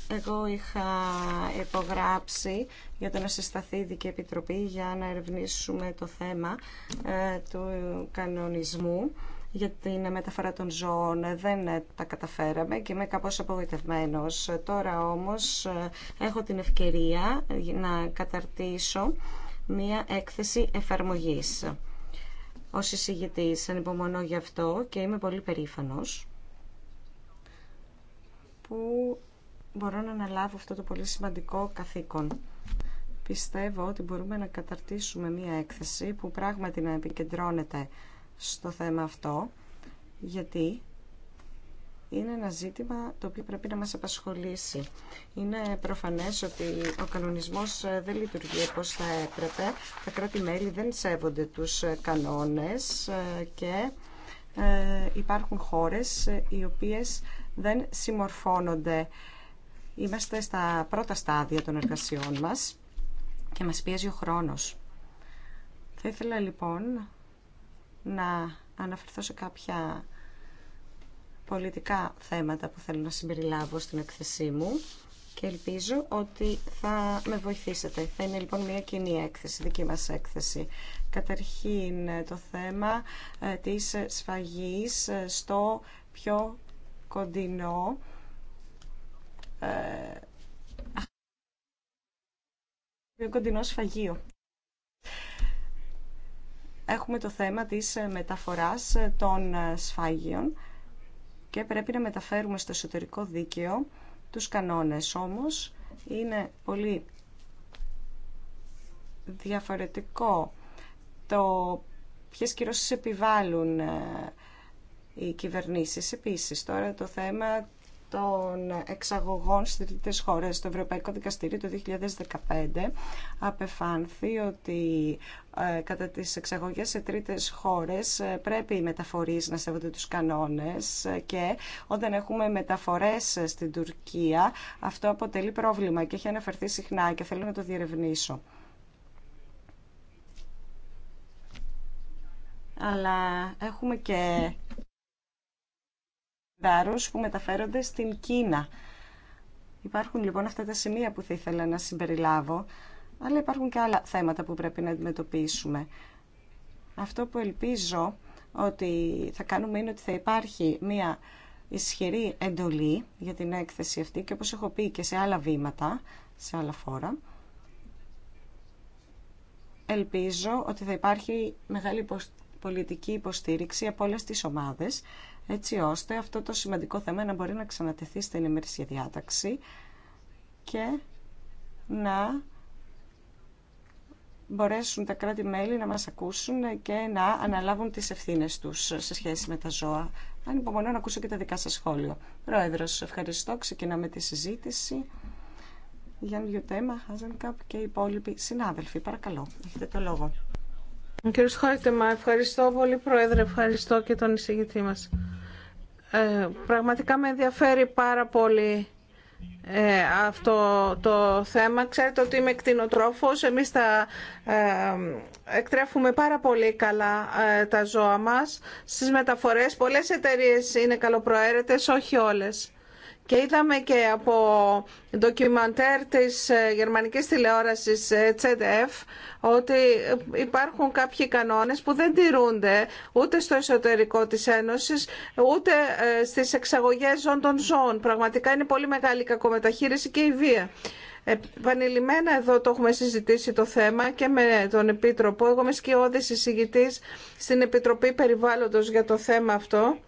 Εγώ είχα υπογράψει για το να συσταθεί η Δική Επιτροπή για να ερευνήσουμε το θέμα ε, του κανονισμού για την μεταφορά των ζώων. Δεν τα καταφέραμε και είμαι κάπως απογοητευμένος. Τώρα όμως ε, έχω την ευκαιρία να καταρτήσω μία έκθεση εφαρμογής. Ως εισηγητής ανυπομονώ γι' αυτό και είμαι πολύ περήφανος που μπορώ να αναλάβω αυτό το πολύ σημαντικό καθήκον. Πιστεύω ότι μπορούμε να καταρτήσουμε μία έκθεση που πράγματι να επικεντρώνεται στο θέμα αυτό, γιατί είναι ένα ζήτημα το οποίο πρέπει να μας απασχολήσει. Είναι προφανές ότι ο κανονισμός ε, δεν λειτουργεί όπως θα έπρεπε. Τα κράτη-μέλη δεν σέβονται τους ε, κανόνες ε, και υπάρχουν χώρες οι οποίες δεν συμμορφώνονται. Είμαστε στα πρώτα στάδια των εργασιών μας και μας πιέζει ο χρόνος. Θα ήθελα λοιπόν να αναφερθώ σε κάποια πολιτικά θέματα που θέλω να συμπεριλάβω στην εκθεσή μου και ελπίζω ότι θα με βοηθήσετε. Θα είναι λοιπόν μια κοινή έκθεση, δική μας έκθεση. Καταρχήν το θέμα ε, της σφαγής ε, στο πιο κοντινό ε, πιο κοντινό σφαγείο έχουμε το θέμα της ε, μεταφοράς ε, των ε, σφάγιων και πρέπει να μεταφέρουμε στο εσωτερικό δίκαιο τους κανόνες. Όμως είναι πολύ διαφορετικό το ποιες κυρώσεις επιβάλλουν οι κυβερνήσεις. Επίσης τώρα το θέμα των εξαγωγών στις τρίτες χώρες. στο Ευρωπαϊκό Δικαστήριο το 2015 απεφάνθη ότι ε, κατά τις εξαγωγές σε τρίτες χώρες ε, πρέπει οι μεταφορείς να σέβονται τους κανόνες ε, και όταν έχουμε μεταφορές στην Τουρκία αυτό αποτελεί πρόβλημα και έχει αναφερθεί συχνά και θέλω να το διερευνήσω. Αλλά έχουμε και που μεταφέρονται στην Κίνα. Υπάρχουν λοιπόν αυτά τα σημεία που θα ήθελα να συμπεριλάβω, αλλά υπάρχουν και άλλα θέματα που πρέπει να αντιμετωπίσουμε. Αυτό που ελπίζω ότι θα κάνουμε είναι ότι θα υπάρχει μια ισχυρή εντολή για την έκθεση αυτή και όπως έχω πει και σε άλλα βήματα, σε άλλα φόρα, ελπίζω ότι θα υπάρχει μεγάλη πολιτική υποστήριξη από όλες τις ομάδες έτσι ώστε αυτό το σημαντικό θέμα να μπορεί να ξανατεθεί στην ημερήσια διάταξη και να μπορέσουν τα κράτη-μέλη να μας ακούσουν και να αναλάβουν τις ευθύνες τους σε σχέση με τα ζώα. Αν υπομονώ να ακούσω και τα δικά σας σχόλια. Πρόεδρος, ευχαριστώ. Ξεκινάμε τη συζήτηση. Γιάννη θέμα. Χάζενκαπ και οι υπόλοιποι συνάδελφοι. Παρακαλώ, έχετε το λόγο. Κύριε Σχόλτεμα, ευχαριστώ πολύ, Πρόεδρε. Ευχαριστώ και τον εισηγητή μας. Ε, πραγματικά με ενδιαφέρει πάρα πολύ ε, αυτό το θέμα. Ξέρετε ότι είμαι κτηνοτρόφος. Εμείς τα ε, εκτρέφουμε πάρα πολύ καλά ε, τα ζώα μας. Στις μεταφορές πολλές εταιρείες είναι καλοπροαίρετες, όχι όλες. Και είδαμε και από ντοκιμαντέρ της ε, γερμανικής τηλεόρασης ε, ZDF ότι υπάρχουν κάποιοι κανόνες που δεν τηρούνται ούτε στο εσωτερικό της Ένωσης ούτε ε, στις εξαγωγές ζών των ζώων. Πραγματικά είναι πολύ μεγάλη η κακομεταχείριση και η βία. Επανειλημμένα εδώ το έχουμε συζητήσει το θέμα και με τον Επίτροπο. Εγώ είμαι σκιώδης εισηγητής στην Επιτροπή Περιβάλλοντος για το θέμα αυτό.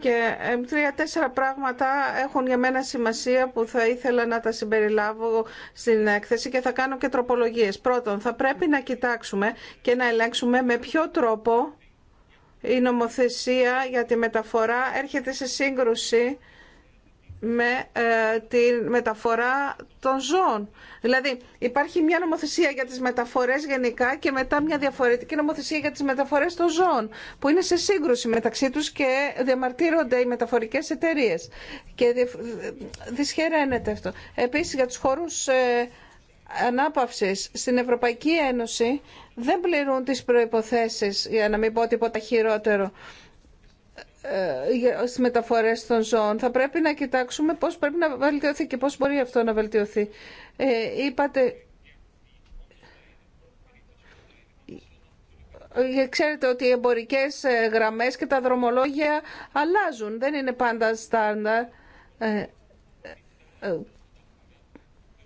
Και τρία-τέσσερα πράγματα έχουν για μένα σημασία που θα ήθελα να τα συμπεριλάβω στην έκθεση και θα κάνω και τροπολογίες. Πρώτον, θα πρέπει να κοιτάξουμε και να ελέγξουμε με ποιο τρόπο η νομοθεσία για τη μεταφορά έρχεται σε σύγκρουση με ε, τη μεταφορά των ζώων. Δηλαδή υπάρχει μια νομοθεσία για τις μεταφορές γενικά και μετά μια διαφορετική νομοθεσία για τις μεταφορές των ζώων που είναι σε σύγκρουση μεταξύ τους και διαμαρτύρονται οι μεταφορικές εταιρείε. και δυσχεραίνεται αυτό. Επίσης για τους χώρους ε, ανάπαυσης στην Ευρωπαϊκή Ένωση δεν πληρούν τις προϋποθέσεις για να μην πω τίποτα χειρότερο στις ε, μεταφορές των ζώων. Θα πρέπει να κοιτάξουμε πώς πρέπει να βελτιωθεί και πώς μπορεί αυτό να βελτιωθεί. Ε, είπατε... Ε, ξέρετε ότι οι εμπορικές ε, γραμμές και τα δρομολόγια αλλάζουν. Δεν είναι πάντα στάνταρ. Ε,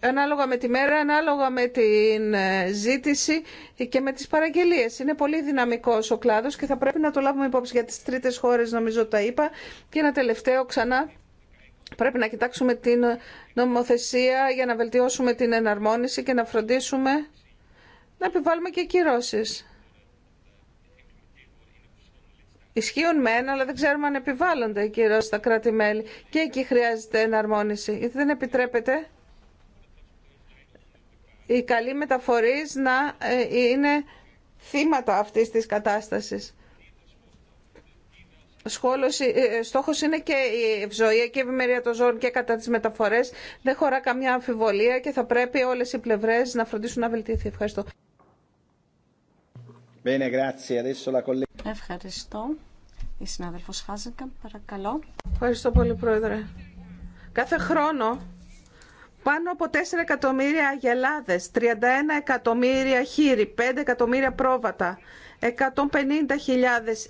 ανάλογα με τη μέρα, ανάλογα με την ε, ζήτηση και με τις παραγγελίες. Είναι πολύ δυναμικός ο κλάδος και θα πρέπει να το λάβουμε υπόψη για τις τρίτες χώρες, νομίζω τα είπα. Και ένα τελευταίο ξανά. Πρέπει να κοιτάξουμε την νομοθεσία για να βελτιώσουμε την εναρμόνιση και να φροντίσουμε να επιβάλλουμε και κυρώσεις. Ισχύουν ένα, αλλά δεν ξέρουμε αν επιβάλλονται οι στα κράτη-μέλη. Και εκεί χρειάζεται εναρμόνιση, γιατί δεν επιτρέπεται οι καλοί μεταφορείς να ε, είναι θύματα αυτής της κατάστασης. Σχόλος, ε, στόχος είναι και η ευζοία και η ευημερία των ζώων και κατά τις μεταφορές. Δεν χωρά καμιά αμφιβολία και θα πρέπει όλες οι πλευρές να φροντίσουν να βελτιωθεί. Ευχαριστώ. Ευχαριστώ. Η συνάδελφος Χάζεκα, παρακαλώ. Ευχαριστώ πολύ, Πρόεδρε. Κάθε χρόνο πάνω από 4 εκατομμύρια αγελάδες, 31 εκατομμύρια χείρι, 5 εκατομμύρια πρόβατα, 150.000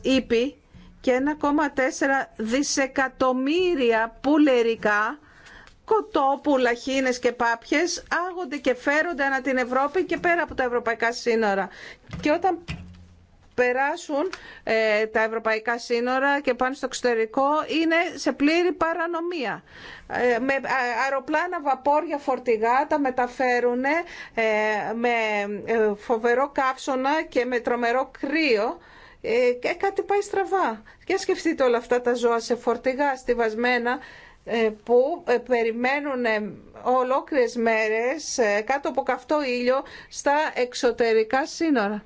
ήπι και 1,4 δισεκατομμύρια πουλερικά, κοτόπουλα, χήνες και πάπιες άγονται και φέρονται ανά την Ευρώπη και πέρα από τα ευρωπαϊκά σύνορα. Και όταν περάσουν ε, τα ευρωπαϊκά σύνορα και πάνε στο εξωτερικό είναι σε πλήρη παρανομία. Ε, με αεροπλάνα, βαπόρια, φορτηγά τα μεταφέρουν ε, με φοβερό καύσωνα και με τρομερό κρύο και κάτι πάει στραβά. Και σκεφτείτε όλα αυτά τα ζώα σε φορτηγά στιβασμένα που περιμένουν ολόκληρες μέρες κάτω από καυτό ήλιο στα εξωτερικά σύνορα.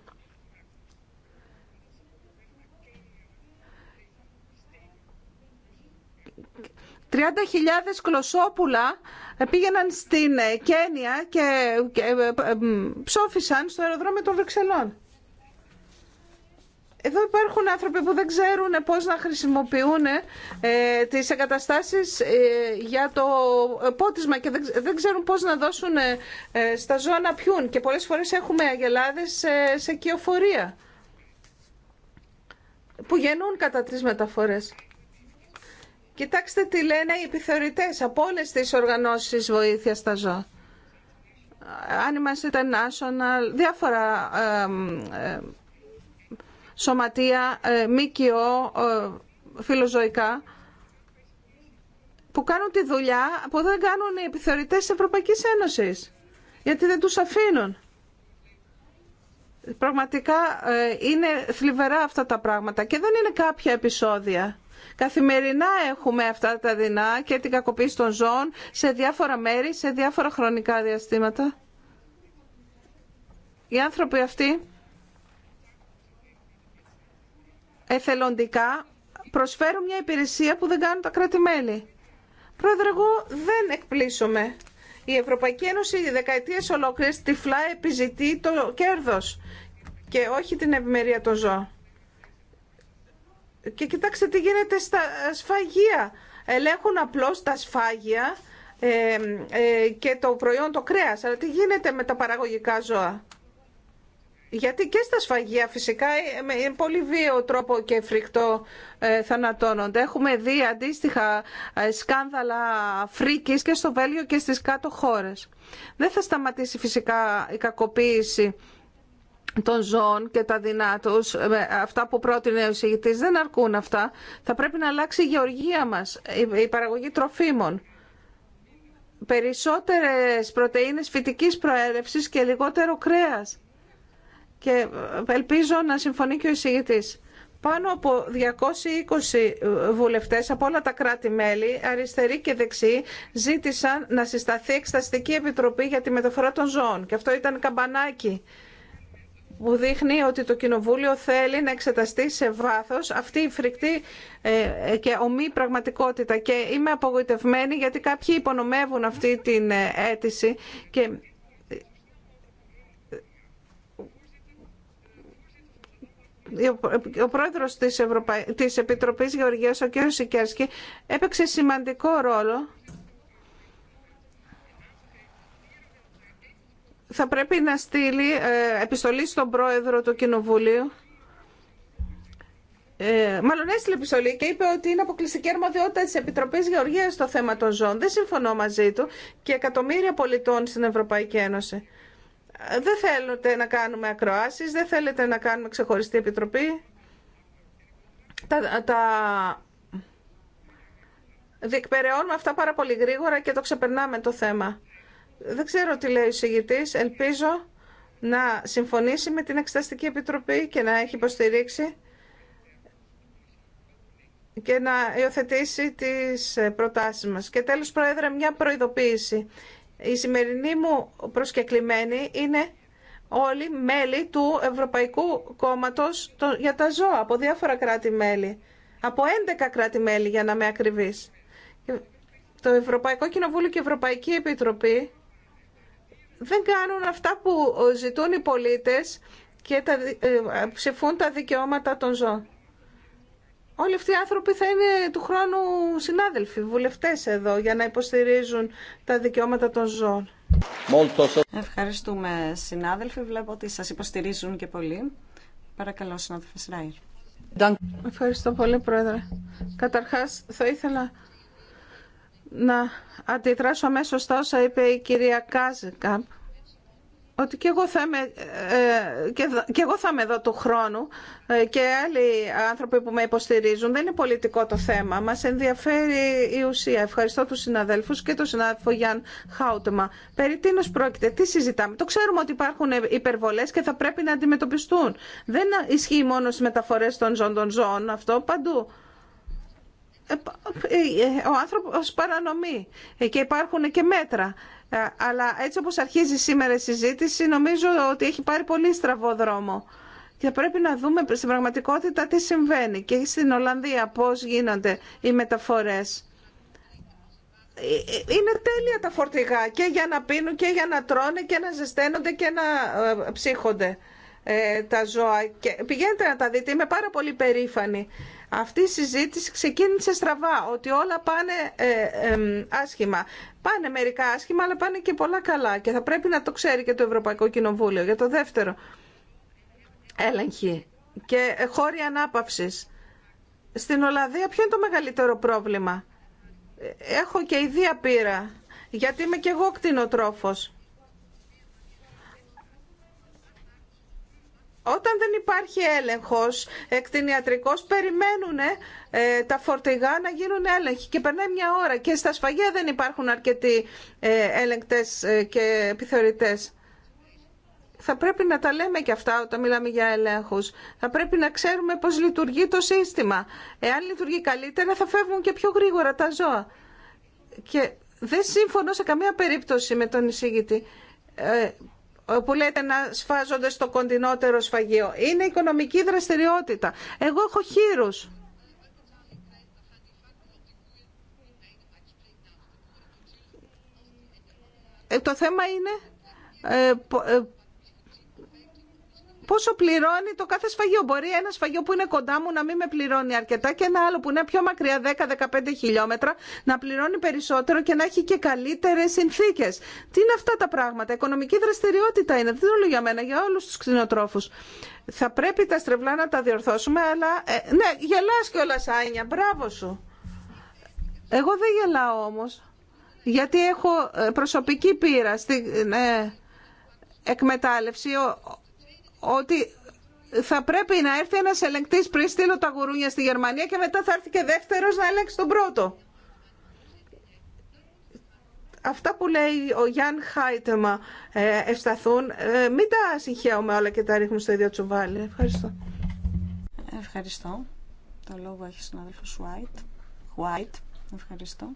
30.000 κλωσόπουλα πήγαιναν στην ε, Κένια και ε, ε, ψώφισαν στο αεροδρόμιο των Βρυξελών. Εδώ υπάρχουν άνθρωποι που δεν ξέρουν πώς να χρησιμοποιούν τις εγκαταστάσεις για το πότισμα και δεν ξέρουν πώς να δώσουν στα ζώα να πιούν. Και πολλές φορές έχουμε αγελάδες σε κυοφορία που γεννούν κατά τρεις μεταφορές. Κοιτάξτε τι λένε οι επιθεωρητές από όλες τις οργανώσεις βοήθειας στα ζώα. Αν είμαστε διάφορα ε, ε, σωματεία, ε, ΜΚΟ, ε, φιλοζωικά, που κάνουν τη δουλειά που δεν κάνουν οι επιθεωρητές της Ευρωπαϊκής Ένωσης, γιατί δεν τους αφήνουν. Πραγματικά ε, είναι θλιβερά αυτά τα πράγματα και δεν είναι κάποια επεισόδια. Καθημερινά έχουμε αυτά τα δεινά και την κακοποίηση των ζώων σε διάφορα μέρη, σε διάφορα χρονικά διαστήματα. Οι άνθρωποι αυτοί εθελοντικά προσφέρουν μια υπηρεσία που δεν κάνουν τα κράτη-μέλη. Πρόεδρε, εγώ δεν εκπλήσωμαι. Η Ευρωπαϊκή Ένωση δεκαετίες ολόκληρες τυφλά επιζητεί το κέρδος και όχι την ευημερία των ζώων. Και κοιτάξτε τι γίνεται στα σφαγεία. Ελέγχουν απλώς τα σφάγια ε, ε, και το προϊόν το κρέας. Αλλά τι γίνεται με τα παραγωγικά ζώα. Γιατί και στα σφαγεία φυσικά ε, με πολύ βίαιο τρόπο και φρικτό ε, θανατώνονται. Έχουμε δει αντίστοιχα σκάνδαλα φρίκης και στο Βέλγιο και στις κάτω χώρες. Δεν θα σταματήσει φυσικά η κακοποίηση των ζώων και τα δεινά αυτά που πρότεινε ο εισηγητής, δεν αρκούν αυτά. Θα πρέπει να αλλάξει η γεωργία μας, η παραγωγή τροφίμων. Περισσότερες πρωτεΐνες φυτικής προέλευσης και λιγότερο κρέας. Και ελπίζω να συμφωνεί και ο εισηγητή. Πάνω από 220 βουλευτές από όλα τα κράτη-μέλη, αριστεροί και δεξιοί, ζήτησαν να συσταθεί εξεταστική επιτροπή για τη μεταφορά των ζώων. Και αυτό ήταν καμπανάκι που δείχνει ότι το Κοινοβούλιο θέλει να εξεταστεί σε βάθος αυτή η φρικτή ε, ε, και ομή πραγματικότητα. Και είμαι απογοητευμένη γιατί κάποιοι υπονομεύουν αυτή την ε, αίτηση και ο πρόεδρος της, Ευρωπαί της Επιτροπής Γεωργίας, ο κ. Σικέρσκι, έπαιξε σημαντικό ρόλο θα πρέπει να στείλει ε, επιστολή στον πρόεδρο του Κοινοβουλίου. Ε, μάλλον έστειλε επιστολή και είπε ότι είναι αποκλειστική αρμοδιότητα τη Επιτροπή Γεωργία στο θέμα των ζώων. Δεν συμφωνώ μαζί του και εκατομμύρια πολιτών στην Ευρωπαϊκή Ένωση. Ε, δεν θέλετε να κάνουμε ακροάσει, δεν θέλετε να κάνουμε ξεχωριστή επιτροπή. Τα, τα διεκπεραιώνουμε αυτά πάρα πολύ γρήγορα και το ξεπερνάμε το θέμα. Δεν ξέρω τι λέει ο Συγητή. Ελπίζω να συμφωνήσει με την Εξεταστική Επιτροπή και να έχει υποστηρίξει και να υιοθετήσει τις προτάσεις μας. Και τέλος, Πρόεδρε, μια προειδοποίηση. Η σημερινή μου προσκεκλημένη είναι όλοι μέλη του Ευρωπαϊκού Κόμματος για τα ζώα από διάφορα κράτη-μέλη. Από 11 κράτη-μέλη, για να με ακριβείς. Το Ευρωπαϊκό Κοινοβούλιο και η Ευρωπαϊκή Επιτροπή δεν κάνουν αυτά που ζητούν οι πολίτες και τα, ε, ψηφούν τα δικαιώματα των ζώων. Όλοι αυτοί οι άνθρωποι θα είναι του χρόνου συνάδελφοι, βουλευτές εδώ, για να υποστηρίζουν τα δικαιώματα των ζώων. Ευχαριστούμε συνάδελφοι. Βλέπω ότι σας υποστηρίζουν και πολύ. Παρακαλώ, συνάδελφε Σράιρ. Ευχαριστώ πολύ, Πρόεδρε. Καταρχάς, θα ήθελα να αντιδράσω αμέσω στα όσα είπε η κυρία Κάζικα ότι και εγώ θα είμαι, ε, και, και εγώ θα είμαι εδώ του χρόνου ε, και άλλοι άνθρωποι που με υποστηρίζουν. Δεν είναι πολιτικό το θέμα. Μας ενδιαφέρει η ουσία. Ευχαριστώ τους συναδέλφους και τον συνάδελφο Γιάν Χάουτεμα. Περί τίνος πρόκειται. Τι συζητάμε. Το ξέρουμε ότι υπάρχουν υπερβολές και θα πρέπει να αντιμετωπιστούν. Δεν ισχύει μόνο στις μεταφορές των ζών των ζώων αυτό παντού. Ε, ε, ε, ο άνθρωπος παρανομεί και υπάρχουν και μέτρα. Αλλά έτσι όπως αρχίζει σήμερα η συζήτηση νομίζω ότι έχει πάρει πολύ στραβό δρόμο. Και πρέπει να δούμε στην πραγματικότητα τι συμβαίνει και στην Ολλανδία πώς γίνονται οι μεταφορές. Είναι τέλεια τα φορτηγά και για να πίνουν και για να τρώνε και να ζεσταίνονται και να ψύχονται τα ζώα. Και πηγαίνετε να τα δείτε, είμαι πάρα πολύ περήφανη αυτή η συζήτηση ξεκίνησε στραβά, ότι όλα πάνε ε, ε, άσχημα. Πάνε μερικά άσχημα, αλλά πάνε και πολλά καλά και θα πρέπει να το ξέρει και το Ευρωπαϊκό Κοινοβούλιο. Για το δεύτερο, έλεγχη και χώροι ανάπαυσης. Στην Ολλανδία ποιο είναι το μεγαλύτερο πρόβλημα. Ε, έχω και ιδία πείρα, γιατί είμαι και εγώ κτηνοτρόφος. Όταν δεν υπάρχει έλεγχος εκτινιατρικός, περιμένουν ε, τα φορτηγά να γίνουν έλεγχοι και περνάει μια ώρα και στα σφαγεία δεν υπάρχουν αρκετοί ε, έλεγκτες ε, και επιθεωρητές. Θα πρέπει να τα λέμε και αυτά όταν μιλάμε για ελέγχους. Θα πρέπει να ξέρουμε πώς λειτουργεί το σύστημα. Εάν λειτουργεί καλύτερα θα φεύγουν και πιο γρήγορα τα ζώα. Και δεν σύμφωνο σε καμία περίπτωση με τον εισηγητή ε, που λέτε να σφάζονται στο κοντινότερο σφαγείο. Είναι οικονομική δραστηριότητα. Εγώ έχω χείρους. Ε, το θέμα είναι ε, ε, πόσο πληρώνει το κάθε σφαγείο. Μπορεί ένα σφαγείο που είναι κοντά μου να μην με πληρώνει αρκετά και ένα άλλο που είναι πιο μακριά 10-15 χιλιόμετρα να πληρώνει περισσότερο και να έχει και καλύτερε συνθήκε. Τι είναι αυτά τα πράγματα. Οικονομική δραστηριότητα είναι. Δεν το λέω για μένα, για όλου του κτηνοτρόφου. Θα πρέπει τα στρεβλά να τα διορθώσουμε, αλλά. Ε, ναι, γελά κιόλα, Άνια. Μπράβο σου. Εγώ δεν γελάω όμω. Γιατί έχω ε, προσωπική πείρα στην ε, εκμετάλλευση ότι θα πρέπει να έρθει ένας ελεγκτής πριν στείλω τα γουρούνια στη Γερμανία και μετά θα έρθει και δεύτερος να ελέγξει τον πρώτο. Αυτά που λέει ο Γιάνν Χάιτεμα ε, ευσταθούν. Ε, μην τα συγχαίουμε όλα και τα ρίχνουμε στο ίδιο τσουβάλι. Ευχαριστώ. Ευχαριστώ. Το λόγο έχει ο συνάδελφος White. White. Ευχαριστώ.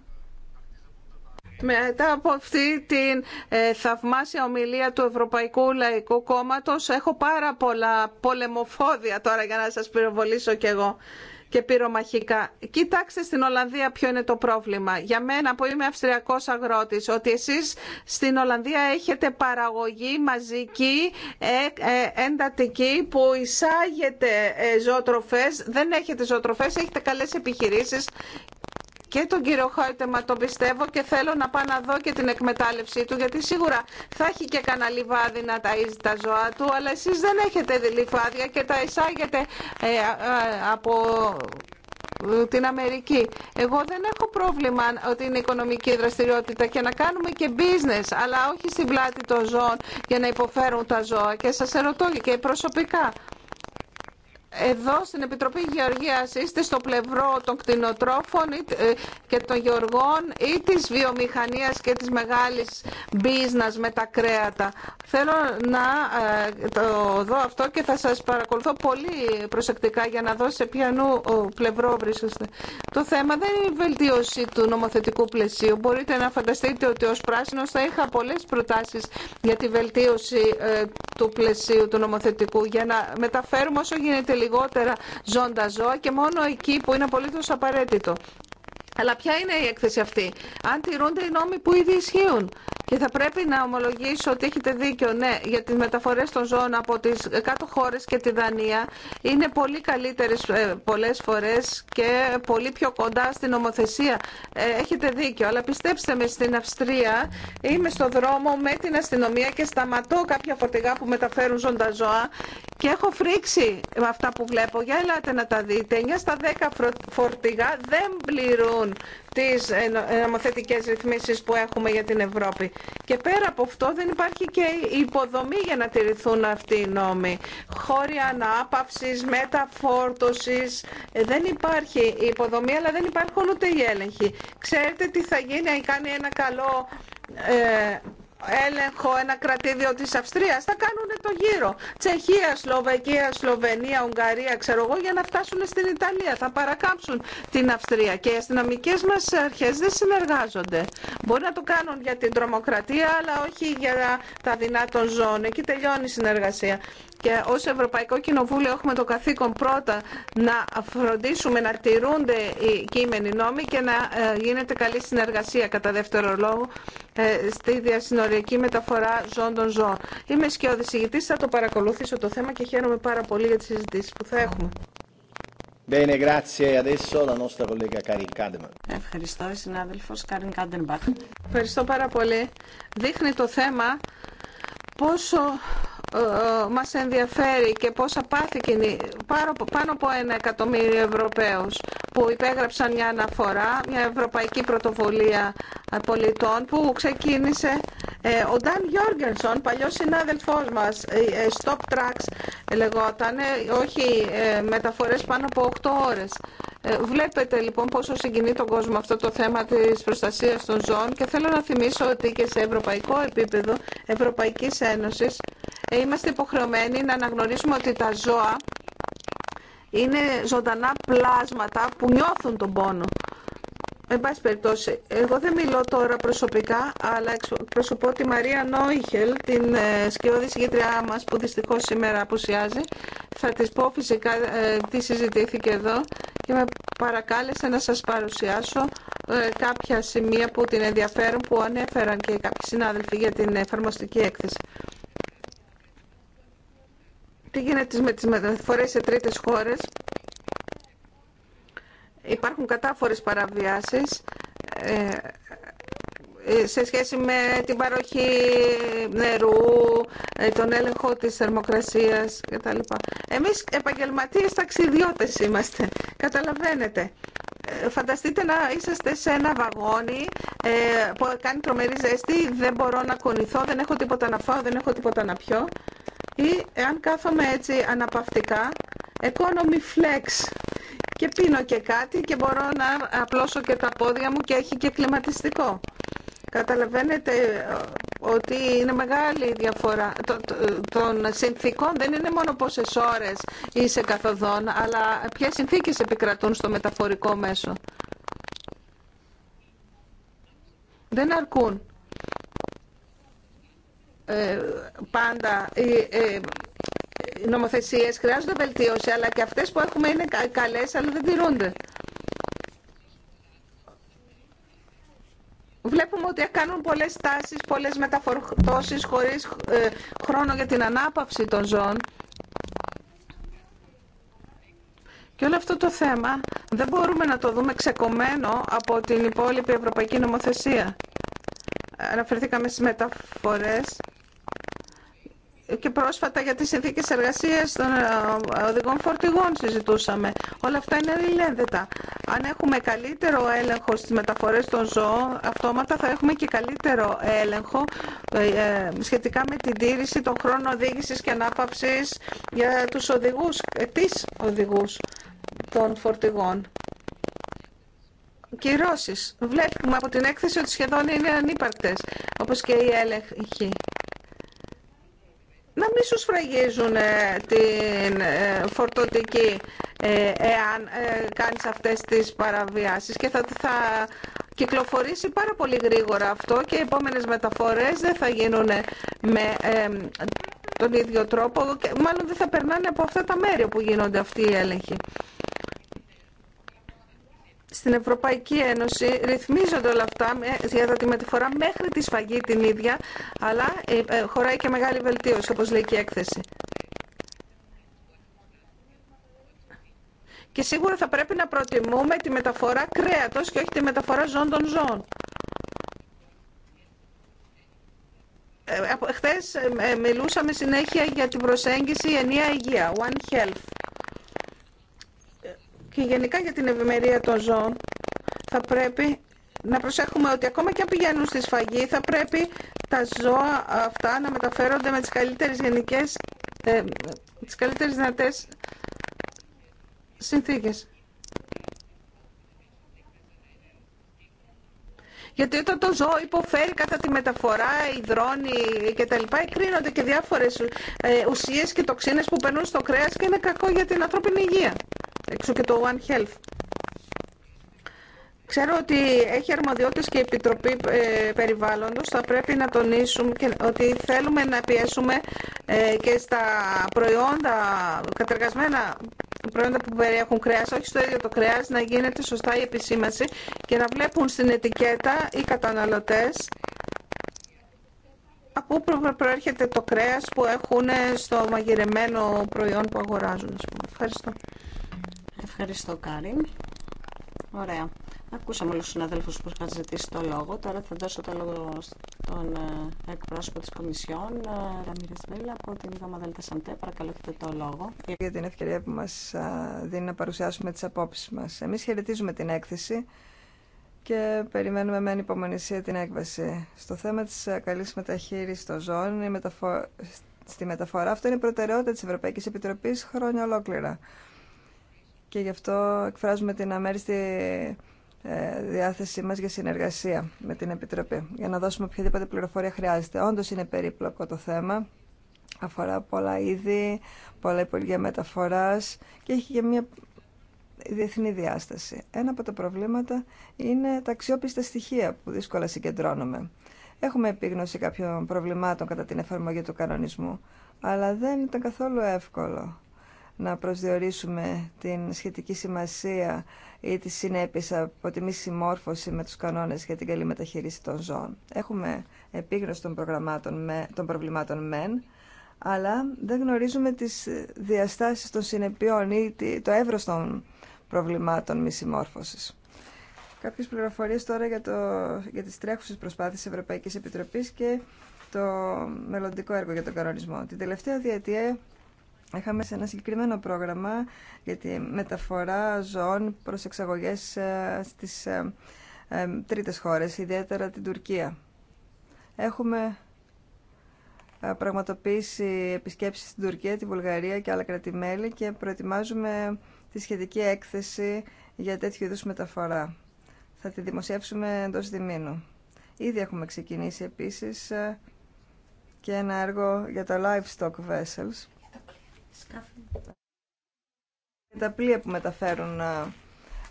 Μετά από αυτή την ε, θαυμάσια ομιλία του Ευρωπαϊκού Λαϊκού Κόμματος έχω πάρα πολλά πολεμοφόδια τώρα για να σας πυροβολήσω κι εγώ και πυρομαχικά. Κοιτάξτε στην Ολλανδία ποιο είναι το πρόβλημα. Για μένα που είμαι αυστριακός αγρότης, ότι εσείς στην Ολλανδία έχετε παραγωγή μαζική, ε, ε, εντατική που εισάγετε ζωοτροφές, δεν έχετε ζωοτροφές, έχετε καλές επιχειρήσεις και τον κύριο Χάρτεμα τον πιστεύω και θέλω να πάω να δω και την εκμετάλλευσή του γιατί σίγουρα θα έχει και κανένα λιβάδι να ταΐζει τα ζώα του αλλά εσείς δεν έχετε λιβάδια και τα εισάγετε ε, από ε, την Αμερική. Εγώ δεν έχω πρόβλημα ότι είναι οικονομική δραστηριότητα και να κάνουμε και business, αλλά όχι στην πλάτη των ζώων για να υποφέρουν τα ζώα. Και σας ερωτώ και προσωπικά, εδώ στην Επιτροπή Γεωργίας είστε στο πλευρό των κτηνοτρόφων ε, και των γεωργών ή της βιομηχανίας και της μεγάλης business με τα κρέατα. Θέλω να ε, το δω αυτό και θα σας παρακολουθώ πολύ προσεκτικά για να δω σε ποιανού πλευρό βρίσκεστε. Το θέμα δεν είναι η βελτίωση του νομοθετικού πλαισίου. Μπορείτε να φανταστείτε ότι ως πράσινος θα είχα πολλές προτάσεις για τη βελτίωση ε, του πλαισίου του νομοθετικού για να μεταφέρουμε όσο γίνεται λιγότερα ζώντα ζώα και μόνο εκεί που είναι απολύτω απαραίτητο. Αλλά ποια είναι η έκθεση αυτή. Αν τηρούνται οι νόμοι που ήδη ισχύουν. Και θα πρέπει να ομολογήσω ότι έχετε δίκιο, ναι, για τις μεταφορές των ζώων από τις κάτω χώρες και τη Δανία είναι πολύ καλύτερες ε, πολλές φορές και πολύ πιο κοντά στην νομοθεσία. Ε, έχετε δίκιο, αλλά πιστέψτε με, στην Αυστρία είμαι στο δρόμο με την αστυνομία και σταματώ κάποια φορτηγά που μεταφέρουν ζώντα ζώα και έχω φρίξει με αυτά που βλέπω. Για ελάτε να τα δείτε. 9 στα 10 φορτηγά δεν πληρούν τις νομοθετικές ρυθμίσεις που έχουμε για την Ευρώπη. Και πέρα από αυτό δεν υπάρχει και υποδομή για να τηρηθούν αυτοί οι νόμοι. Χώρια ανάπαυσης, μεταφόρτωσης, ε, δεν υπάρχει υποδομή αλλά δεν υπάρχουν ούτε οι έλεγχοι. Ξέρετε τι θα γίνει αν κάνει ένα καλό ε, έλεγχο ένα κρατήδιο της Αυστρίας, θα κάνουν το γύρο. Τσεχία, Σλοβακία, Σλοβενία, Ουγγαρία, ξέρω εγώ, για να φτάσουν στην Ιταλία. Θα παρακάμψουν την Αυστρία και οι αστυνομικέ μας αρχές δεν συνεργάζονται. Μπορεί να το κάνουν για την τρομοκρατία, αλλά όχι για τα δυνάτων ζώων. Εκεί τελειώνει η συνεργασία και ως Ευρωπαϊκό Κοινοβούλιο έχουμε το καθήκον πρώτα να φροντίσουμε να τηρούνται οι κείμενοι νόμοι και να ε, γίνεται καλή συνεργασία κατά δεύτερο λόγο ε, στη διασυνοριακή μεταφορά ζών των ζώων. Είμαι σκιώδης ηγητής, θα το παρακολουθήσω το θέμα και χαίρομαι πάρα πολύ για τις συζητήσεις που θα έχουμε. Ευχαριστώ, συνάδελφος Κάριν Κάντεμπαχ. Ευχαριστώ πάρα πολύ. Δείχνει το θέμα πόσο ε, ε, μας ενδιαφέρει και πόσα πάθηκε πάνω από ένα εκατομμύριο Ευρωπαίους που υπέγραψαν μια αναφορά, μια ευρωπαϊκή πρωτοβουλία πολιτών που ξεκίνησε ε, ο Νταν Γιόργενσον, παλιός συνάδελφός μας, Stop Tracks λεγόταν, όχι μεταφορές πάνω από 8 ώρες. Βλέπετε λοιπόν πόσο συγκινεί τον κόσμο αυτό το θέμα της προστασίας των ζώων και θέλω να θυμίσω ότι και σε ευρωπαϊκό επίπεδο Ευρωπαϊκής Ένωσης είμαστε υποχρεωμένοι να αναγνωρίσουμε ότι τα ζώα είναι ζωντανά πλάσματα που νιώθουν τον πόνο. Εν πάση περιπτώσει, εγώ δεν μιλώ τώρα προσωπικά, αλλά προσωπώ τη Μαρία Νόιχελ, την ε, σκιώδη συγκεκριά μας που δυστυχώς σήμερα απουσιάζει. Θα της πω φυσικά ε, τι συζητήθηκε εδώ και με παρακάλεσε να σας παρουσιάσω ε, κάποια σημεία που την ενδιαφέρουν, που ανέφεραν και κάποιοι συνάδελφοι για την εφαρμοστική έκθεση τι γίνεται με τις μεταφορές σε τρίτες χώρες. Υπάρχουν κατάφορες παραβιάσεις ε, ε, σε σχέση με την παροχή νερού, ε, τον έλεγχο της θερμοκρασίας κτλ. Εμείς επαγγελματίες ταξιδιώτες είμαστε, καταλαβαίνετε. Φανταστείτε να είσαστε σε ένα βαγόνι που κάνει τρομερή ζέστη, δεν μπορώ να κονηθώ, δεν έχω τίποτα να φάω, δεν έχω τίποτα να πιω. Ή εάν κάθομαι έτσι αναπαυτικά, economy flex και πίνω και κάτι και μπορώ να απλώσω και τα πόδια μου και έχει και κλιματιστικό. Καταλαβαίνετε ε, ότι είναι μεγάλη η διαφορά των συνθήκων. Δεν είναι μόνο πόσες ώρες είσαι καθοδόν, αλλά ποιες συνθήκες επικρατούν στο μεταφορικό μέσο. Δεν αρκούν ε, πάντα ε, οι νομοθεσίες χρειάζονται βελτίωση, αλλά και αυτές που έχουμε είναι καλές, αλλά δεν τηρούνται. Βλέπουμε ότι κάνουν πολλές τάσεις, πολλές μεταφορτώσεις χωρίς ε, χρόνο για την ανάπαυση των ζώων. Και όλο αυτό το θέμα δεν μπορούμε να το δούμε ξεκομμένο από την υπόλοιπη ευρωπαϊκή νομοθεσία. Αναφερθήκαμε στις μεταφορές και πρόσφατα για τις συνθήκες εργασίας των ε, οδηγών φορτηγών συζητούσαμε. Όλα αυτά είναι αλληλένδετα. Αν έχουμε καλύτερο έλεγχο στις μεταφορές των ζώων, αυτόματα θα έχουμε και καλύτερο έλεγχο ε, ε, σχετικά με την τήρηση των χρόνων οδήγησης και ανάπαυσης για τους οδηγούς, τις οδηγούς των φορτηγών. Κυρώσει Βλέπουμε από την έκθεση ότι σχεδόν είναι ανύπαρκτες, όπως και η έλεγχοι ίσως φραγίζουν ε, την ε, φορτωτική ε, εάν κάνεις αυτές τις παραβιάσεις και θα, θα κυκλοφορήσει πάρα πολύ γρήγορα αυτό και οι επόμενες μεταφορές δεν θα γίνουν με τον ίδιο τρόπο και μάλλον δεν θα περνάνε από αυτά τα μέρη όπου γίνονται αυτοί οι έλεγχοι στην Ευρωπαϊκή Ένωση ρυθμίζονται όλα αυτά για τη μεταφορά μέχρι τη σφαγή την ίδια, αλλά ε, ε, χωράει και μεγάλη βελτίωση, όπως λέει και η έκθεση. Και σίγουρα θα πρέπει να προτιμούμε τη μεταφορά κρέατος και όχι τη μεταφορά ζών των ζώων. Ε, Χθε μιλούσαμε συνέχεια για την προσέγγιση ενία υγεία, One Health και γενικά για την ευημερία των ζώων θα πρέπει να προσέχουμε ότι ακόμα και αν πηγαίνουν στη σφαγή θα πρέπει τα ζώα αυτά να μεταφέρονται με τις καλύτερες γενικές, ε, τις καλύτερες δυνατές συνθήκες. Γιατί όταν το ζώο υποφέρει κατά τη μεταφορά, υδρώνει και τα λοιπά, εκρίνονται και διάφορες ε, ουσίες και τοξίνες που περνούν στο κρέας και είναι κακό για την ανθρώπινη υγεία έξω και το One Health. Ξέρω ότι έχει αρμοδιότητες και η Επιτροπή ε, Περιβάλλοντος. Θα πρέπει να τονίσουμε ότι θέλουμε να πιέσουμε ε, και στα προϊόντα, κατεργασμένα προϊόντα που περιέχουν κρέας, όχι στο ίδιο το κρέας, να γίνεται σωστά η επισήμανση και να βλέπουν στην ετικέτα οι καταναλωτές από πού προέρχεται το κρέας που έχουν στο μαγειρεμένο προϊόν που αγοράζουν. Ευχαριστώ. Ευχαριστώ, Κάριν. Ωραία. Ακούσαμε όλους τους συναδέλφους που είχαν ζητήσει το λόγο. Τώρα θα δώσω το λόγο στον ε, εκπρόσωπο της Κομισιόν, ε, Ραμίρες Βίλα, από την Δέλτα ΣΑΝΤΕ. Παρακαλώ, έχετε το λόγο. Για την ευκαιρία που μας ε, δίνει να παρουσιάσουμε τις απόψεις μας. Εμείς χαιρετίζουμε την έκθεση και περιμένουμε με ανυπομονησία την έκβαση. Στο θέμα της καλής μεταχείρισης των ζώων, στη μεταφορά, αυτό είναι η προτεραιότητα της Ευρωπαϊκής Επιτροπής χρόνια ολόκληρα και γι' αυτό εκφράζουμε την αμέριστη ε, διάθεσή μας για συνεργασία με την Επιτροπή για να δώσουμε οποιαδήποτε πληροφορία χρειάζεται. Όντως είναι περίπλοκο το θέμα, αφορά πολλά είδη, πολλά υπουργεία μεταφοράς και έχει και μια διεθνή διάσταση. Ένα από τα προβλήματα είναι τα αξιόπιστα στοιχεία που δύσκολα συγκεντρώνουμε. Έχουμε επίγνωση κάποιων προβλημάτων κατά την εφαρμογή του κανονισμού, αλλά δεν ήταν καθόλου εύκολο να προσδιορίσουμε την σχετική σημασία ή τις συνέπειες από τη μη συμμόρφωση με τους κανόνες για την καλή μεταχείριση των ζώων. Έχουμε επίγνωση των, προγραμμάτων με, των προβλημάτων μεν, αλλά δεν γνωρίζουμε τις διαστάσεις των συνεπειών ή το εύρος των προβλημάτων μη συμμόρφωσης. Κάποιες πληροφορίες τώρα για, το, για τις τρέχουσες προσπάθειες Ευρωπαϊκής Επιτροπής και το μελλοντικό έργο για τον κανονισμό. Την τελευταία διετία είχαμε σε ένα συγκεκριμένο πρόγραμμα για τη μεταφορά ζώων προς εξαγωγές ε, στις ε, ε, τρίτες χώρες, ιδιαίτερα την Τουρκία. Έχουμε πραγματοποιήσει επισκέψεις στην Τουρκία, τη Βουλγαρία και άλλα κρατημέλη και προετοιμάζουμε τη σχετική έκθεση για τέτοιου είδους μεταφορά. Θα τη δημοσιεύσουμε εντός διμήνου. Ήδη έχουμε ξεκινήσει επίσης και ένα έργο για τα livestock vessels Σκάφη. Τα πλοία που μεταφέρουν ε,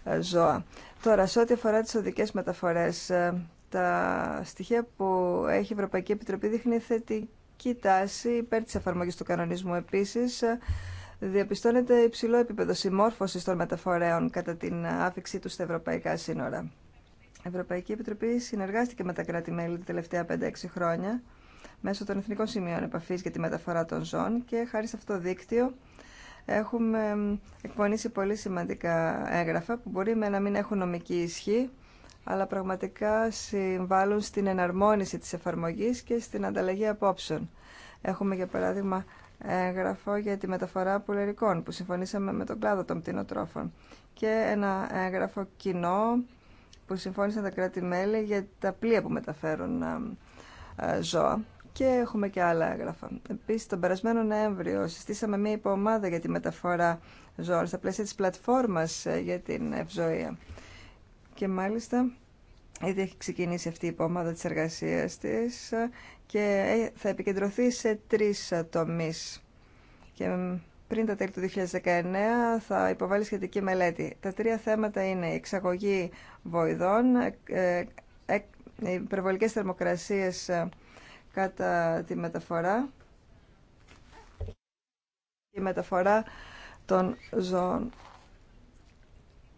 ε, ζώα. Τώρα, σε ό,τι αφορά τις οδικές μεταφορές, ε, τα στοιχεία που έχει η Ευρωπαϊκή Επιτροπή δείχνει θετική τάση υπέρ της εφαρμογής του κανονισμού. Επίσης, διαπιστώνεται υψηλό επίπεδο συμμόρφωσης των μεταφορέων κατά την άφηξή του στα ευρωπαϊκά σύνορα. Η Ευρωπαϊκή Επιτροπή συνεργάστηκε με τα κράτη-μέλη τα τελευταία 5-6 χρόνια μέσω των Εθνικών Σημείων Επαφής για τη μεταφορά των ζώων και χάρη σε αυτό το δίκτυο έχουμε εκπονήσει πολύ σημαντικά έγγραφα που μπορεί να μην έχουν νομική ισχύ αλλά πραγματικά συμβάλλουν στην εναρμόνιση της εφαρμογής και στην ανταλλαγή απόψεων. Έχουμε για παράδειγμα έγγραφο για τη μεταφορά πουλερικών που συμφωνήσαμε με τον κλάδο των πτυνοτρόφων και ένα έγγραφο κοινό που συμφώνησαν τα κράτη-μέλη για τα πλοία που μεταφέρουν ε, ζώα και έχουμε και άλλα έγγραφα. Επίση, τον περασμένο Νοέμβριο συστήσαμε μια υποομάδα για τη μεταφορά ζώων στα πλαίσια τη πλατφόρμα ε, για την ευζοία. Και μάλιστα ήδη έχει ξεκινήσει αυτή η υποομάδα τη εργασία τη ε, και ε, θα επικεντρωθεί σε τρει τομεί. Και πριν τα τέλη του 2019 θα υποβάλει σχετική μελέτη. Τα τρία θέματα είναι η εξαγωγή βοηδών, υπερβολικές θερμοκρασίες κατά τη μεταφορά και μεταφορά των ζώων.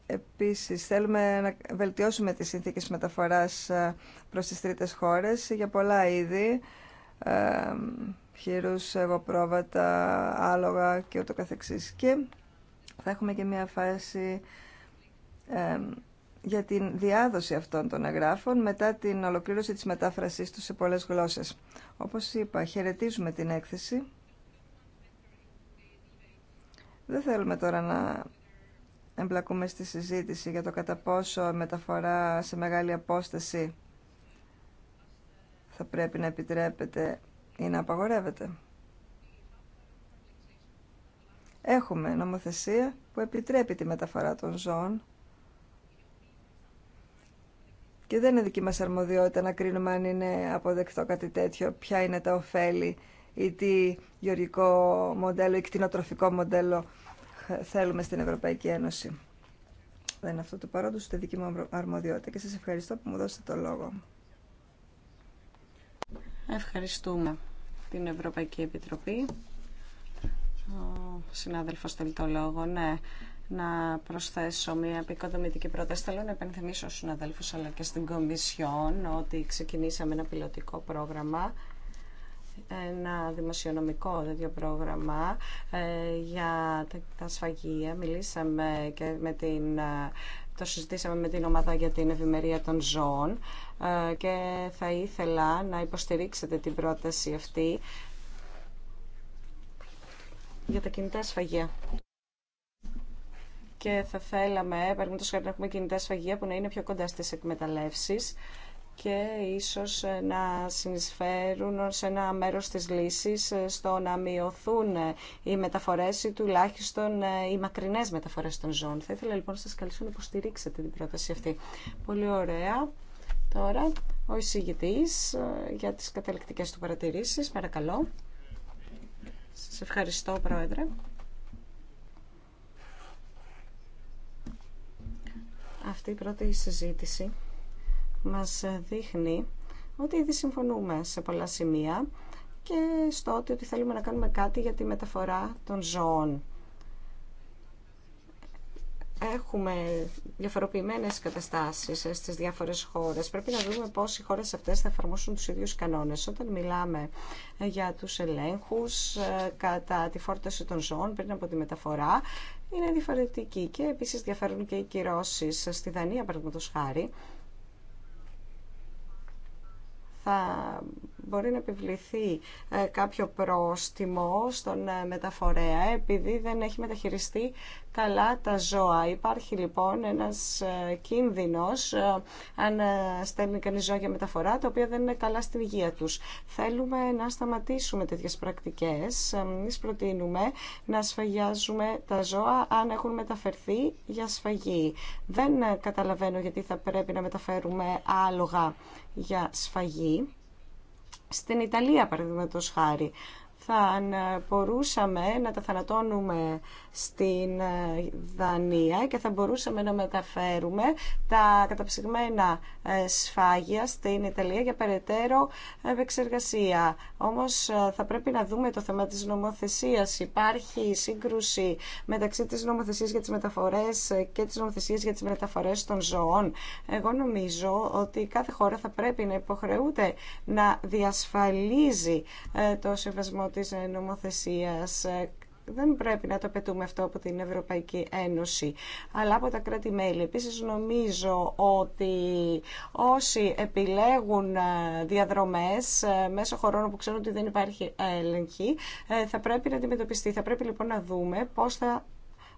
Επίσης, θέλουμε να βελτιώσουμε τις συνθήκες μεταφοράς ε, προς τις τρίτες χώρες για πολλά είδη, ε, χειρούς, εγωπρόβατα, άλογα και ούτω καθεξής. Και θα έχουμε και μια φάση ε, για την διάδοση αυτών των εγγράφων μετά την ολοκλήρωση της μετάφρασής τους σε πολλές γλώσσες. Όπως είπα, χαιρετίζουμε την έκθεση. Δεν θέλουμε τώρα να εμπλακούμε στη συζήτηση για το κατά πόσο μεταφορά σε μεγάλη απόσταση θα πρέπει να επιτρέπεται ή να απαγορεύεται. Έχουμε νομοθεσία που επιτρέπει τη μεταφορά των ζώων και δεν είναι δική μας αρμοδιότητα να κρίνουμε αν είναι αποδεκτό κάτι τέτοιο, ποια είναι τα ωφέλη ή τι γεωργικό μοντέλο ή κτηνοτροφικό μοντέλο θέλουμε στην Ευρωπαϊκή Ένωση. Δεν είναι αυτό το παρόντος, ούτε δική μου αρμοδιότητα. Και σας ευχαριστώ που μου δώσετε το λόγο. Ευχαριστούμε την Ευρωπαϊκή Επιτροπή. Ο συνάδελφος θέλει το λόγο, ναι να προσθέσω μια επικοδομητική πρόταση. Θέλω να επενθυμίσω στους συναδέλφους αλλά και στην Κομισιόν ότι ξεκινήσαμε ένα πιλωτικό πρόγραμμα ένα δημοσιονομικό τέτοιο πρόγραμμα ε, για τα σφαγεία. Μιλήσαμε και με την, το συζητήσαμε με την ομάδα για την ευημερία των ζώων ε, και θα ήθελα να υποστηρίξετε την πρόταση αυτή για τα κινητά σφαγεία και θα θέλαμε, παραδείγματο χάρη, να έχουμε κινητά σφαγεία που να είναι πιο κοντά στι εκμεταλλεύσει και ίσως ε, να συνεισφέρουν σε ένα μέρος της λύσης ε, στο να μειωθούν ε, οι μεταφορέ ή τουλάχιστον οι μακρινές μεταφορές των ζώων. Θα ήθελα λοιπόν να σας καλήσω να υποστηρίξετε την πρόταση αυτή. Πολύ ωραία. Τώρα ο εισηγητής για τις καταληκτικές του παρατηρήσεις. Παρακαλώ. Σας ευχαριστώ Πρόεδρε. Αυτή η πρώτη συζήτηση μας δείχνει ότι ήδη συμφωνούμε σε πολλά σημεία και στο ότι, ότι θέλουμε να κάνουμε κάτι για τη μεταφορά των ζώων. Έχουμε διαφοροποιημένες καταστάσεις στις διάφορες χώρες. Πρέπει να δούμε πώς οι χώρες αυτές θα εφαρμόσουν τους ίδιους κανόνες. Όταν μιλάμε για τους ελέγχους ε, κατά τη φόρτωση των ζώων πριν από τη μεταφορά, είναι διαφορετική και επίσης διαφέρουν και οι κυρώσει στη Δανία, παραδείγματος χάρη. Θα μπορεί να επιβληθεί ε, κάποιο πρόστιμο στον ε, μεταφορέα επειδή δεν έχει μεταχειριστεί καλά τα ζώα. Υπάρχει λοιπόν ένας ε, κίνδυνος αν στέλνει κανείς ζώα για μεταφορά τα οποία δεν είναι καλά στην υγεία τους. Θέλουμε να σταματήσουμε τέτοιες πρακτικές. Εμείς προτείνουμε να σφαγιάζουμε τα ζώα αν έχουν μεταφερθεί για σφαγή. Δεν καταλαβαίνω γιατί θα πρέπει να μεταφέρουμε άλογα για σφαγή στην Ιταλία παραδείγματο χάρη θα μπορούσαμε να τα θανατώνουμε στην ε, Δανία και θα μπορούσαμε να μεταφέρουμε τα καταψυγμένα ε, σφάγια στην Ιταλία για περαιτέρω επεξεργασία. Όμως ε, θα πρέπει να δούμε το θέμα της νομοθεσίας. Υπάρχει σύγκρουση μεταξύ της νομοθεσίας για τις μεταφορές και της νομοθεσίας για τις μεταφορές των ζώων. Εγώ νομίζω ότι κάθε χώρα θα πρέπει να υποχρεούται να διασφαλίζει το σεβασμό Τη νομοθεσία. Ε, δεν πρέπει να το πετούμε αυτό από την Ευρωπαϊκή Ένωση, αλλά από τα κράτη-μέλη. Επίση, νομίζω ότι όσοι επιλέγουν ε, διαδρομέ ε, μέσω χωρών που ξέρουν ότι δεν υπάρχει έλεγχη, θα πρέπει να αντιμετωπιστεί. Θα πρέπει λοιπόν να δούμε πώ θα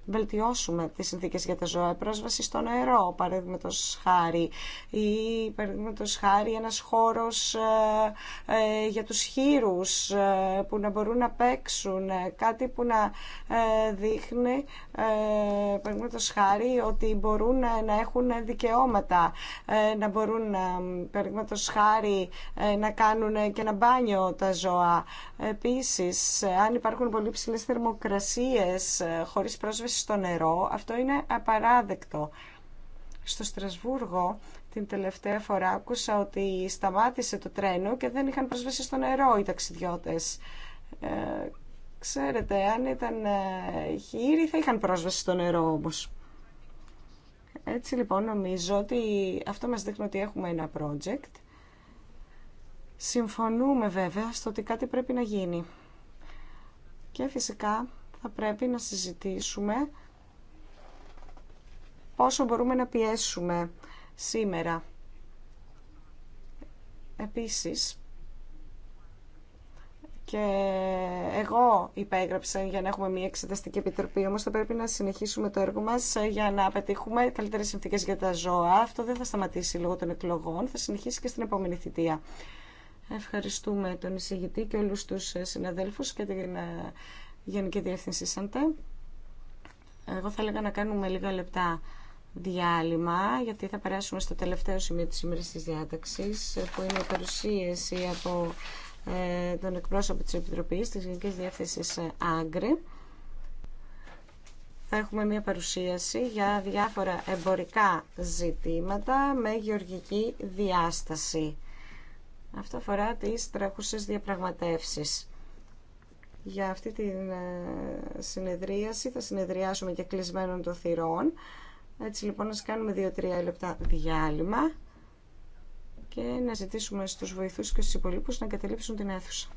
βελτιώσουμε τις συνθήκες για τα ζώα, πρόσβαση στο νερό, παραδείγματο χάρη, ή παραδείγματο χάρη ένας χώρος ε, ε, για τους χείρους ε, που να μπορούν να παίξουν, κάτι που να δείχνει ε, παραδείγματο χάρη ότι μπορούν να έχουν δικαιώματα, ε, να μπορούν ε, παραδείγματο χάρη να κάνουν και ένα μπάνιο τα ζώα. Επίσης, αν υπάρχουν πολύ ψηλέ θερμοκρασίες χωρίς πρόσβαση στο νερό, αυτό είναι απαράδεκτο. Στο Στρασβούργο την τελευταία φορά άκουσα ότι σταμάτησε το τρένο και δεν είχαν πρόσβαση στο νερό οι ταξιδιώτες. Ξέρετε, αν ήταν ε, χείροι θα είχαν πρόσβαση στο νερό όμως. Έτσι λοιπόν νομίζω ότι αυτό μας δείχνει ότι έχουμε ένα project. Συμφωνούμε βέβαια στο ότι κάτι πρέπει να γίνει. Και φυσικά θα πρέπει να συζητήσουμε πόσο μπορούμε να πιέσουμε σήμερα. Επίσης, και εγώ υπέγραψα για να έχουμε μια εξεταστική επιτροπή, όμως θα πρέπει να συνεχίσουμε το έργο μας για να πετύχουμε καλύτερες συνθήκες για τα ζώα. Αυτό δεν θα σταματήσει λόγω των εκλογών, θα συνεχίσει και στην επόμενη θητεία. Ευχαριστούμε τον εισηγητή και όλους τους συναδέλφους και την ε, Γενική Διεύθυνση ΣΑΝΤΕ. Εγώ θα έλεγα να κάνουμε λίγα λεπτά διάλειμμα, γιατί θα περάσουμε στο τελευταίο σημείο της ημέρας της διάταξης, που είναι η παρουσίαση από ε, τον εκπρόσωπο της Επιτροπής της Γενικής Διεύθυνσης ε, Άγκρη. Θα έχουμε μια παρουσίαση για διάφορα εμπορικά ζητήματα με γεωργική διάσταση. Αυτό αφορά τις τρέχουσες διαπραγματεύσεις. Για αυτή τη ε, συνεδρίαση θα συνεδριάσουμε και κλεισμένων των θυρών. Έτσι λοιπόν, ας κάνουμε 2-3 λεπτά διάλειμμα και να ζητήσουμε στους βοηθούς και στους υπολείπους να εγκαταλείψουν την αίθουσα.